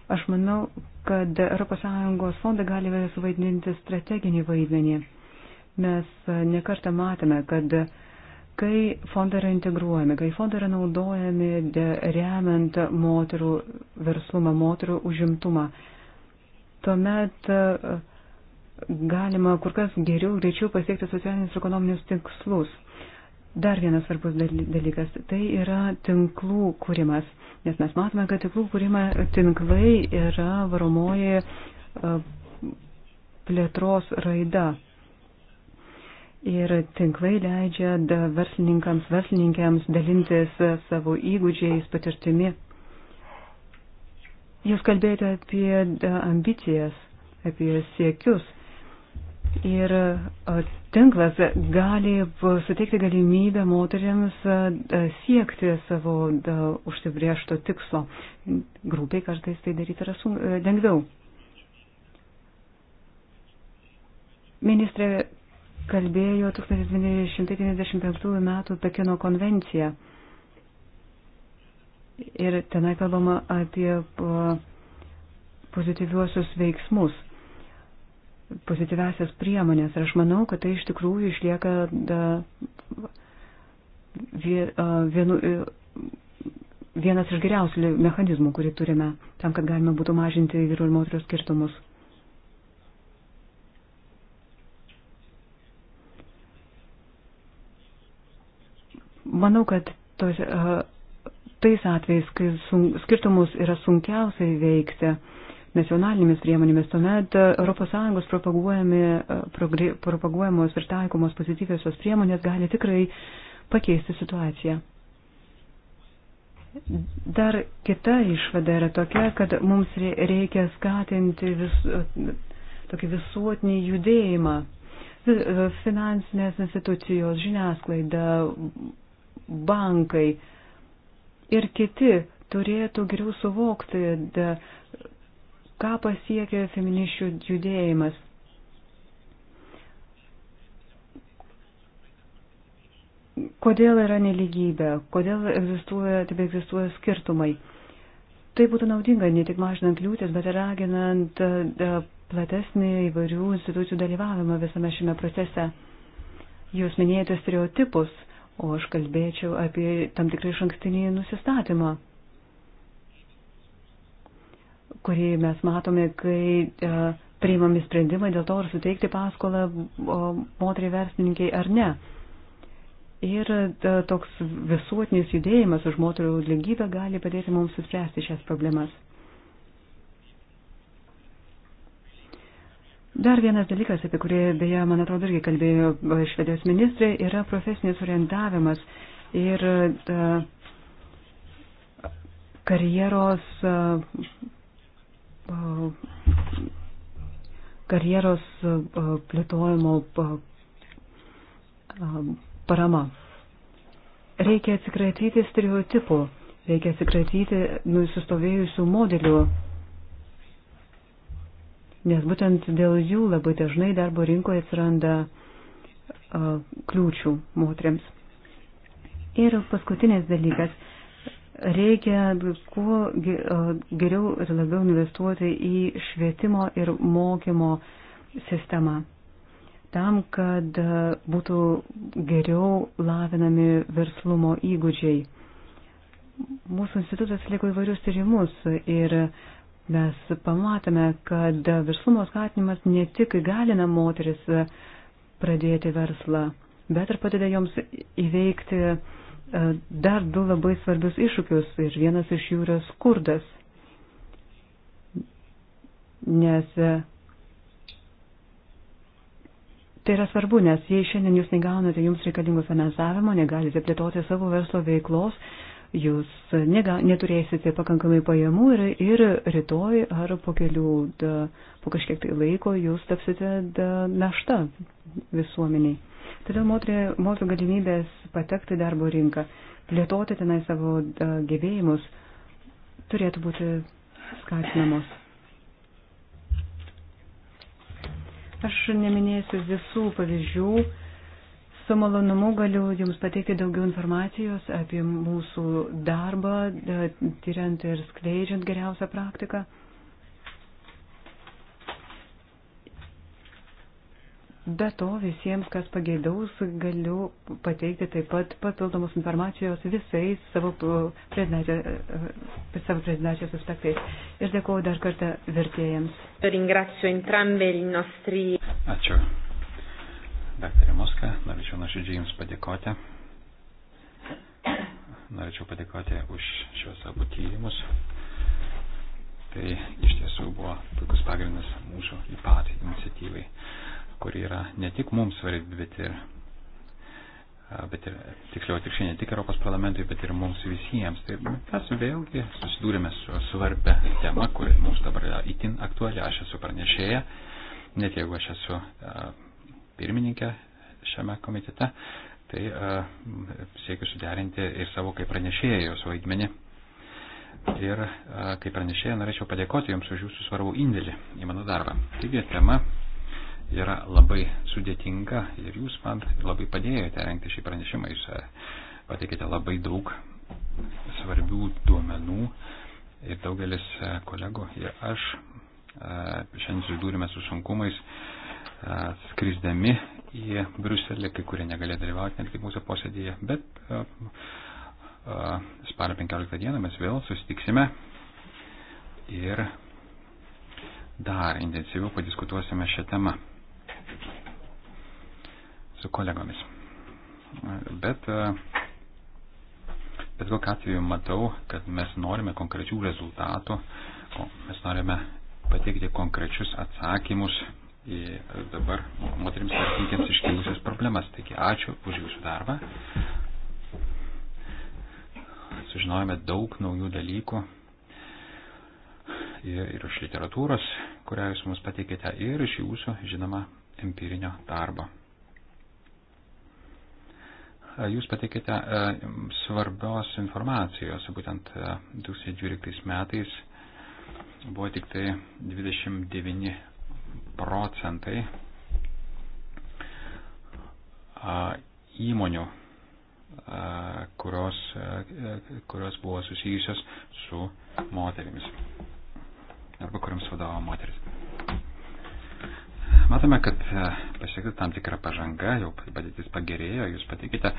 Aš manau, kad ES fondai gali suvaidinti strateginį vaidmenį. Mes e, nekartą matome, kad kai fondai yra integruojami, kai fondai yra naudojami remiant moterų verslumą, moterų užimtumą, tuomet e, galima kur kas geriau, greičiau pasiekti socialinius ir ekonominius tikslus. Dar vienas svarbus dalykas - tai yra tinklų kūrimas, nes mes matome, kad tinklų kūrima, tinklai yra varomoji plėtros raida. Ir tinklai leidžia verslininkams, verslininkėms dalintis savo įgūdžiais, patirtimi. Jūs kalbėjote apie ambicijas, apie siekius. Ir e, tinklas gali suteikti galimybę moteriams e, e, siekti savo užsibriešto tikslo. Grupiai kartais tai daryti yra lengviau. Ministrė kalbėjo 1995 m. Pekino konvenciją. Ir tenai kalbama apie pozityviuosius veiksmus pozityvesias priemonės. Ir aš manau, kad tai iš tikrųjų išlieka da, vienu, e, vienas iš geriausių mechanizmų, kurį turime tam, kad galima būtų mažinti vyrų ir moterų skirtumus. Manau, kad tos, tais atvejais, kai sun, skirtumus yra sunkiausiai veikti, nacionalinėmis priemonėmis, tuomet e, ES e, propaguojamos ir taikomos pozityviosios priemonės gali tikrai pakeisti situaciją. Dar kita išvada yra tokia, kad mums reikia skatinti vis, e, tokį visuotinį judėjimą. Finansinės institucijos, žiniasklaida, bankai ir kiti turėtų geriau suvokti ką pasiekė feminišių judėjimas. Kodėl yra neligybė, kodėl egzistuoja, taip egzistuoja skirtumai. Tai būtų naudinga ne tik mažinant liūtis, bet ir raginant e, platesnį įvairių institucijų dalyvavimą visame šiame procese. Jūs minėjote stereotipus, o aš kalbėčiau apie tam tikrai šankstinį nusistatymą kurį mes matome, kai e, priimami sprendimai dėl to, ar suteikti paskolą moteriai verslininkiai ar ne. Ir e, toks visuotinis judėjimas už moterų lygybę gali padėti mums suspręsti šias problemas. Dar vienas dalykas, apie kurį beje, man atrodo, irgi kalbėjo švedijos ministrė, yra profesinis orientavimas ir e, karjeros karjeros e, e, plėtojimo e, parama. Reikia atsikratyti stereotipų, reikia atsikratyti nusistovėjusių modelių, nes būtent dėl jų labai dažnai darbo rinkoje atsiranda kliūčių moteriams. Ir paskutinis dalykas Reikia kuo e, geriau ir labiau investuoti į švietimo ir mokymo sistemą, tam, kad e, būtų geriau lavinami verslumo įgūdžiai. Mūsų institutas liko įvairius tyrimus ir mes pamatome, kad verslumo skatinimas ne tik įgalina moteris pradėti verslą, bet ir padeda joms įveikti E, dar du labai svarbius iššūkius ir vienas iš jų yra skurdas. Nes e, tai yra svarbu, nes jei šiandien jūs negaunate jums reikalingų finansavimo, negalite plėtoti savo verslo veiklos, jūs nega, neturėsite pakankamai pajamų ir, ir rytoj ar po kelių, da, po kažkiek tai laiko jūs tapsite da, našta visuomeniai. Todėl moterų galimybės patekti į darbo rinką, plėtoti tenai savo e, gebėjimus turėtų būti skatinamos. Aš neminėsiu visų pavyzdžių. Su malonumu galiu Jums pateikti daugiau informacijos apie mūsų darbą, e, tyriant ir skleidžiant geriausią praktiką. Be to, visiems, kas pageidaus, galiu pateikti taip pat papildomos informacijos visais savo uh, prezentacijos uh, aspektais. Ir dėkuoju dar kartą vertėjams. Ringrazio entrambi i nostri. Ačiū. Daktarė Moska, norėčiau nuoširdžiai Jums padėkoti. Norėčiau padėkoti už šios abu tyrimus. Tai iš tiesų buvo puikus pagrindas mūsų IPAT iniciatyvai kuri yra ne tik mums svarbi, bet ir, bet ir tiksliau atvirkščiai ne tik Europos parlamentui, bet ir mums visiems. Tai mes vėlgi susidūrėme su svarbia tema, kuri mums dabar yra itin aktuali. Aš esu pranešėja, net jeigu aš esu pirmininkė šiame komitete, tai siekiu suderinti ir savo kaip pranešėjos vaidmenį. Ir kaip pranešėja norėčiau padėkoti Jums už Jūsų svarbų indėlį į mano darbą. Taigi tema yra labai sudėtinga ir jūs man labai padėjote renkti šį pranešimą. Jūs e, pateikėte labai daug svarbių duomenų ir daugelis e, kolegų ir aš e, šiandien susidūrime su sunkumais skrisdami į Bruselį, kai kurie negalėjo dalyvauti netgi mūsų posėdėje, bet spalio 15 dieną mes vėl susitiksime ir dar intensyviau padiskutuosime šią temą su kolegomis. Bet, e, bet kokiu atveju matau, kad mes norime konkrečių rezultatų, mes norime pateikti konkrečius atsakymus į dabar moteriams vertintiems iškilusias problemas. Taigi ačiū už jūsų darbą. Sužinojome daug naujų dalykų ir, ir iš literatūros, kurią jūs mums pateikėte, ir iš jūsų, žinoma, empirinio darbo. Jūs pateikėte e, svarbios informacijos, būtent 2012 e, metais buvo tik tai 29 procentai įmonių, kurios, e, kurios buvo susijusios su moterimis arba kuriams vadovavo moteris. Matome, kad e, pasiekta tam tikra pažanga, jau padėtis pagerėjo, jūs patikite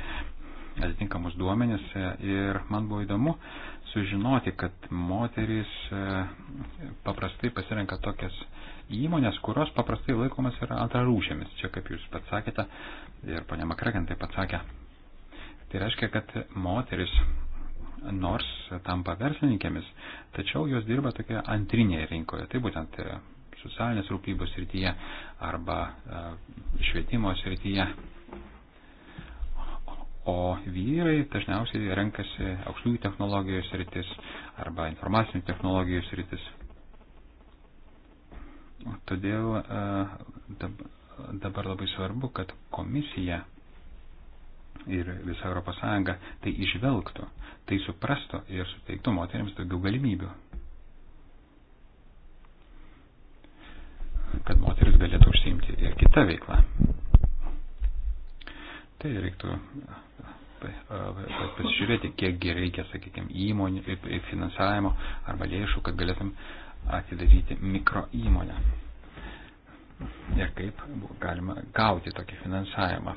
atitinkamus duomenis e, ir man buvo įdomu sužinoti, kad moterys e, paprastai pasirenka tokias įmonės, kurios paprastai laikomas yra antrarūšėmis, čia kaip jūs pats sakėte ir ponia Makragen taip pat sakė. Tai reiškia, kad moteris nors tampa verslininkėmis, tačiau jos dirba tokioje antrinėje rinkoje, tai būtent socialinės rūpybos srityje arba e, švietimo srityje. O vyrai dažniausiai renkasi aukštųjų technologijų sritis arba informacinių technologijų sritis. Todėl e, dabar labai svarbu, kad komisija ir visa ES tai išvelgtų, tai suprastų ir suteiktų moteriams daugiau galimybių. kad moteris galėtų užsiimti ir kitą veiklą. Tai reiktų e, e, e, pasižiūrėti, kiek reikia, sakykime, įmonių ir finansavimo arba lėšų, kad galėtum atidaryti mikro įmonę. Ir kaip galima gauti tokį finansavimą.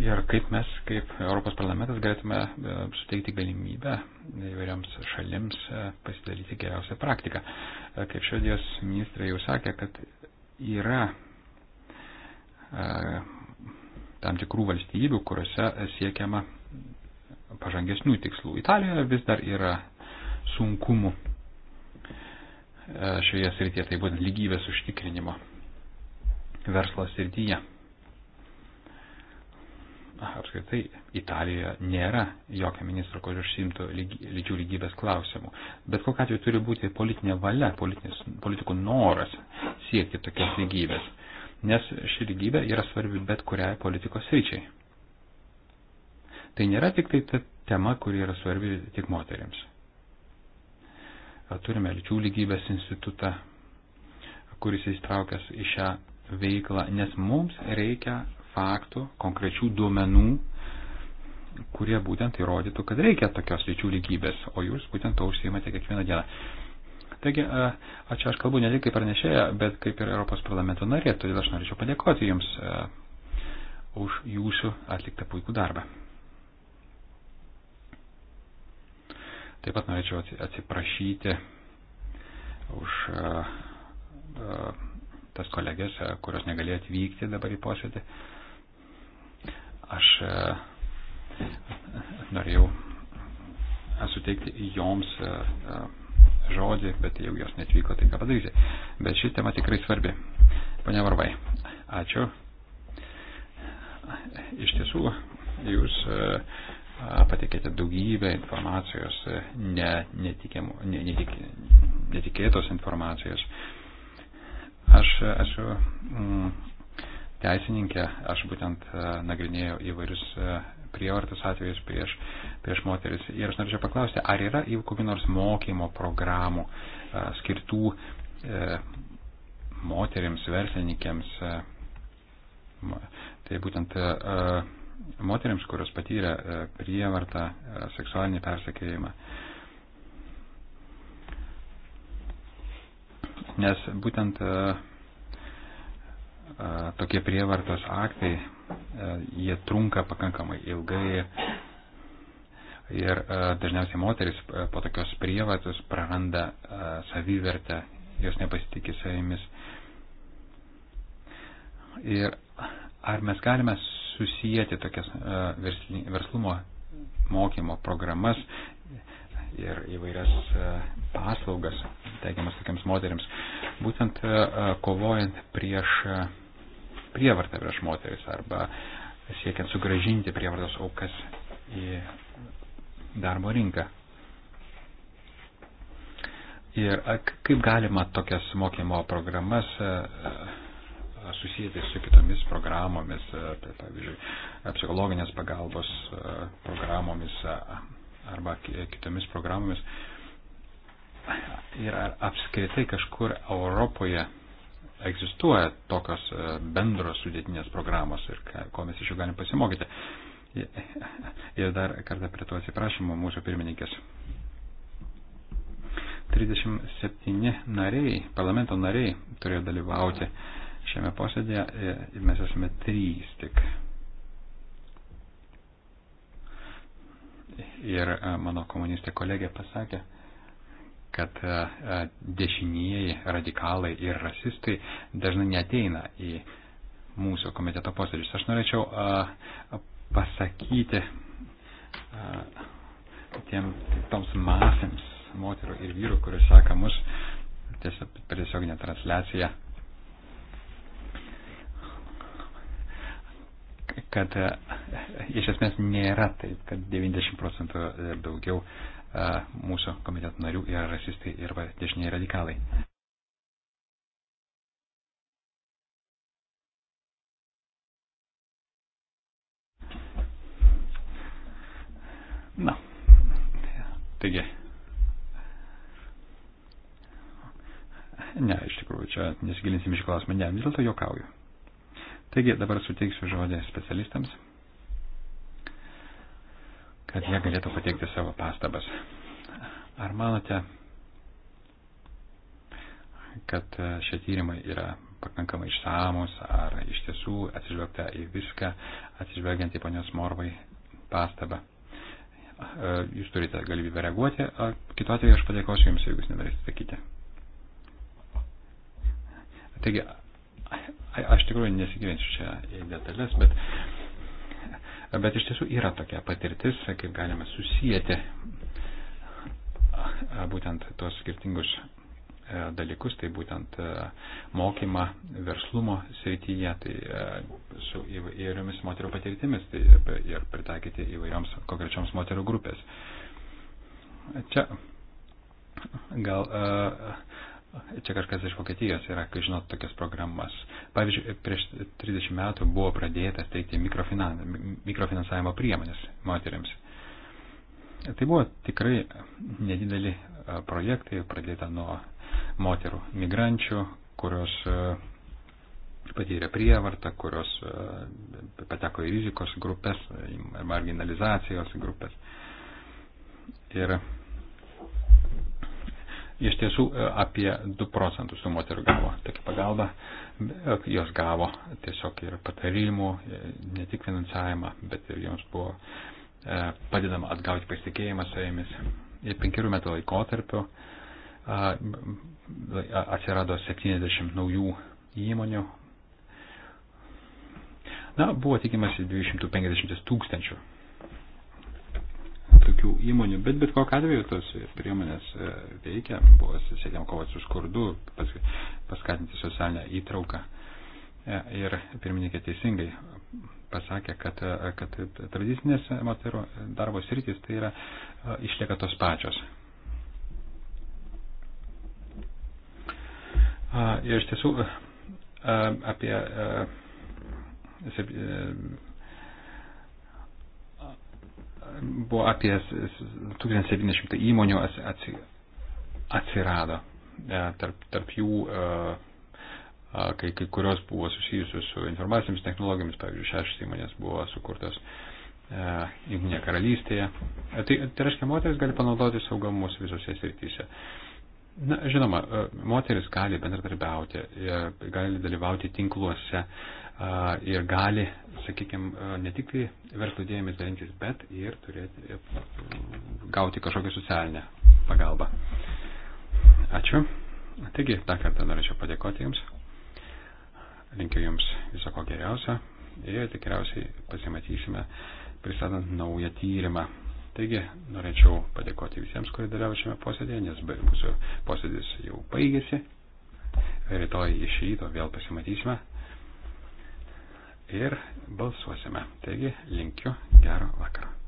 Ir kaip mes, kaip Europos parlamentas, galėtume e, suteikti galimybę įvairioms šalims e, pasidalyti geriausią praktiką. E, kaip švedijos ministrai jau sakė, kad yra tam tikrų valstybių, kuriuose siekiama pažangesnių tikslų. Italijoje vis dar yra sunkumų šioje srityje, tai būtent lygybės užtikrinimo verslo srityje apskritai Italijoje nėra jokio ministro, kuris užsimtų lyčių lygybės klausimų. Bet kokiu atveju turi būti politinė valia, politikų noras siekti tokios lygybės, nes ši lygybė yra svarbi bet kuriai politikos ryčiai. Tai nėra tik tai ta tema, kuri yra svarbi tik moteriams. Turime lyčių lygybės institutą, kuris įstraukęs į šią veiklą, nes mums reikia faktų, konkrečių duomenų, kurie būtent įrodytų, kad reikia tokios lyčių lygybės, o jūs būtent to užsiimate kiekvieną dieną. Taigi, a, čia aš kalbu ne tik kaip pranešėja, bet kaip ir Europos parlamento narė, todėl aš norėčiau padėkoti Jums a, už Jūsų atliktą puikų darbą. Taip pat norėčiau atsiprašyti už a, a, tas kolegės, a, kurios negalėjo atvykti dabar į posėdį. A, Aš e, norėjau e, suteikti joms e, žodį, bet jeigu jos netvyko, tai ką padarysi. Bet ši tema tikrai svarbi. Pane Varvai, ačiū. Iš tiesų, jūs patikėte daugybę informacijos, ne, netikėmų, ne, netik, netikėtos informacijos. Aš esu. Mm, teisininkė, aš būtent e, nagrinėjau įvairius e, prievartos atvejus prieš, prieš moteris. Ir aš norėčiau paklausti, ar yra jau kokių nors mokymo programų e, skirtų moteriams, verslininkėms, tai būtent moteriams, kurios patyrė prievartą, seksualinį persekėjimą. Nes būtent uh, tokie prievartos aktai, jie trunka pakankamai ilgai ir dažniausiai moteris po tokios prievartos praranda savivertę, jos nepasitikė savimis. Ir ar mes galime susijęti tokias verslumo mokymo programas ir įvairias paslaugas teikiamas tokiams moteriams, būtent kovojant prieš prievartą prieš moteris arba siekiant sugražinti prievartos aukas į darbo rinką. Ir kaip galima tokias mokymo programas susijęti su kitomis programomis, tai pavyzdžiui, psichologinės pagalbos programomis arba kitomis programomis. Ir apskritai kažkur Europoje egzistuoja tokios e, bendros sudėtinės programos ir ko mes iš jų galim pasimokyti. Ir dar kartą prie to atsiprašymo mūsų pirmininkės. 37 nariai, parlamento nariai turėjo dalyvauti šiame posėdėje e, ir mes esame 3 tik. Ir e, mano komunistė kolegė pasakė, kad e, e, dešinieji radikalai ir rasistai dažnai neteina į mūsų komiteto posėdžius. Aš norėčiau e, pasakyti tiem, toms masėms moterų ir vyrų, kuris seka mus tiesiog, per tiesioginę transliaciją, kad iš esmės nėra taip, kad 90 procentų daugiau mūsų komiteto narių yra rasistai ir dešiniai radikalai. Na, taigi. Ne, iš tikrųjų, čia nesigilinsim iš klausimą, ne, vis dėlto jokauju. Taigi, dabar suteiksiu žodį specialistams kad jie galėtų pateikti savo pastabas. Ar manote, kad šie tyrimai yra pakankamai išsamus, ar iš tiesų atsižvelgta į viską, atsižvelgiant į ponios Morvai pastabą? Jūs turite galimybę reaguoti, kitu atveju aš padėkosiu Jums, jeigu Jūs nenorėsite sakyti. Taigi, aš tikrai nesigilinsiu čia į detalės, bet bet iš tiesų yra tokia patirtis, kaip galime susijęti būtent tuos skirtingus e, dalykus, tai būtent e, mokymą verslumo srityje, tai e, su įvairiomis moterų patirtimis tai ir pritaikyti įvairioms konkrečioms moterų grupės. Čia gal Čia kažkas iš Vokietijos yra, kai žinot tokias programas. Pavyzdžiui, prieš 30 metų buvo pradėtas teikti mikrofinan, mikrofinansavimo priemonės moteriams. Tai buvo tikrai nedideli projektai, pradėta nuo moterų migrančių, kurios patyrė prievartą, kurios pateko į rizikos grupės, marginalizacijos grupės. Ir Iš tiesų e, apie 2 procentus tų moterų gavo tokią pagalbą, e, jos gavo tiesiog ir patarimų, e, ne tik finansavimą, bet ir joms buvo padedama atgauti pasitikėjimą savimis. Ir penkerių metų laikotarpiu atsirado 70 naujų įmonių. Na, buvo tikimasi 250 tūkstančių tokių įmonių, bet bet kokiu atveju tos priemonės e, veikia, buvo siekiam kovoti su skurdu, pas, paskatinti socialinę įtrauką. E, ir pirmininkė teisingai pasakė, kad, e, kad tradicinės moterų darbo sritis tai yra išlieka tos pačios. Ir iš tiesų apie buvo apie 1700 įmonių atsirado. E, tarp, tarp jų, e, kai, kai kurios buvo susijusios su informacinėmis technologijomis, pavyzdžiui, šešios įmonės buvo sukurtos e, Junktinėje karalystėje. Tai, tai reiškia, moteris gali panaudoti saugumus visose srityse. Na, žinoma, moteris gali bendradarbiauti, gali dalyvauti tinkluose, ir gali, sakykime, ne tik tai verslo idėjomis dalintis, bet ir turėti, e, gauti kažkokią socialinę pagalbą. Ačiū. Taigi, dar kartą norėčiau padėkoti Jums. Linkiu Jums viso ko geriausio ir tikriausiai pasimatysime pristatant naują tyrimą. Taigi, norėčiau padėkoti visiems, kurie dalyvavo šiame posėdėje, nes mūsų posėdis jau baigėsi. Rytoj iš ryto vėl pasimatysime ir balsuosime. Taigi linkiu gero vakaro.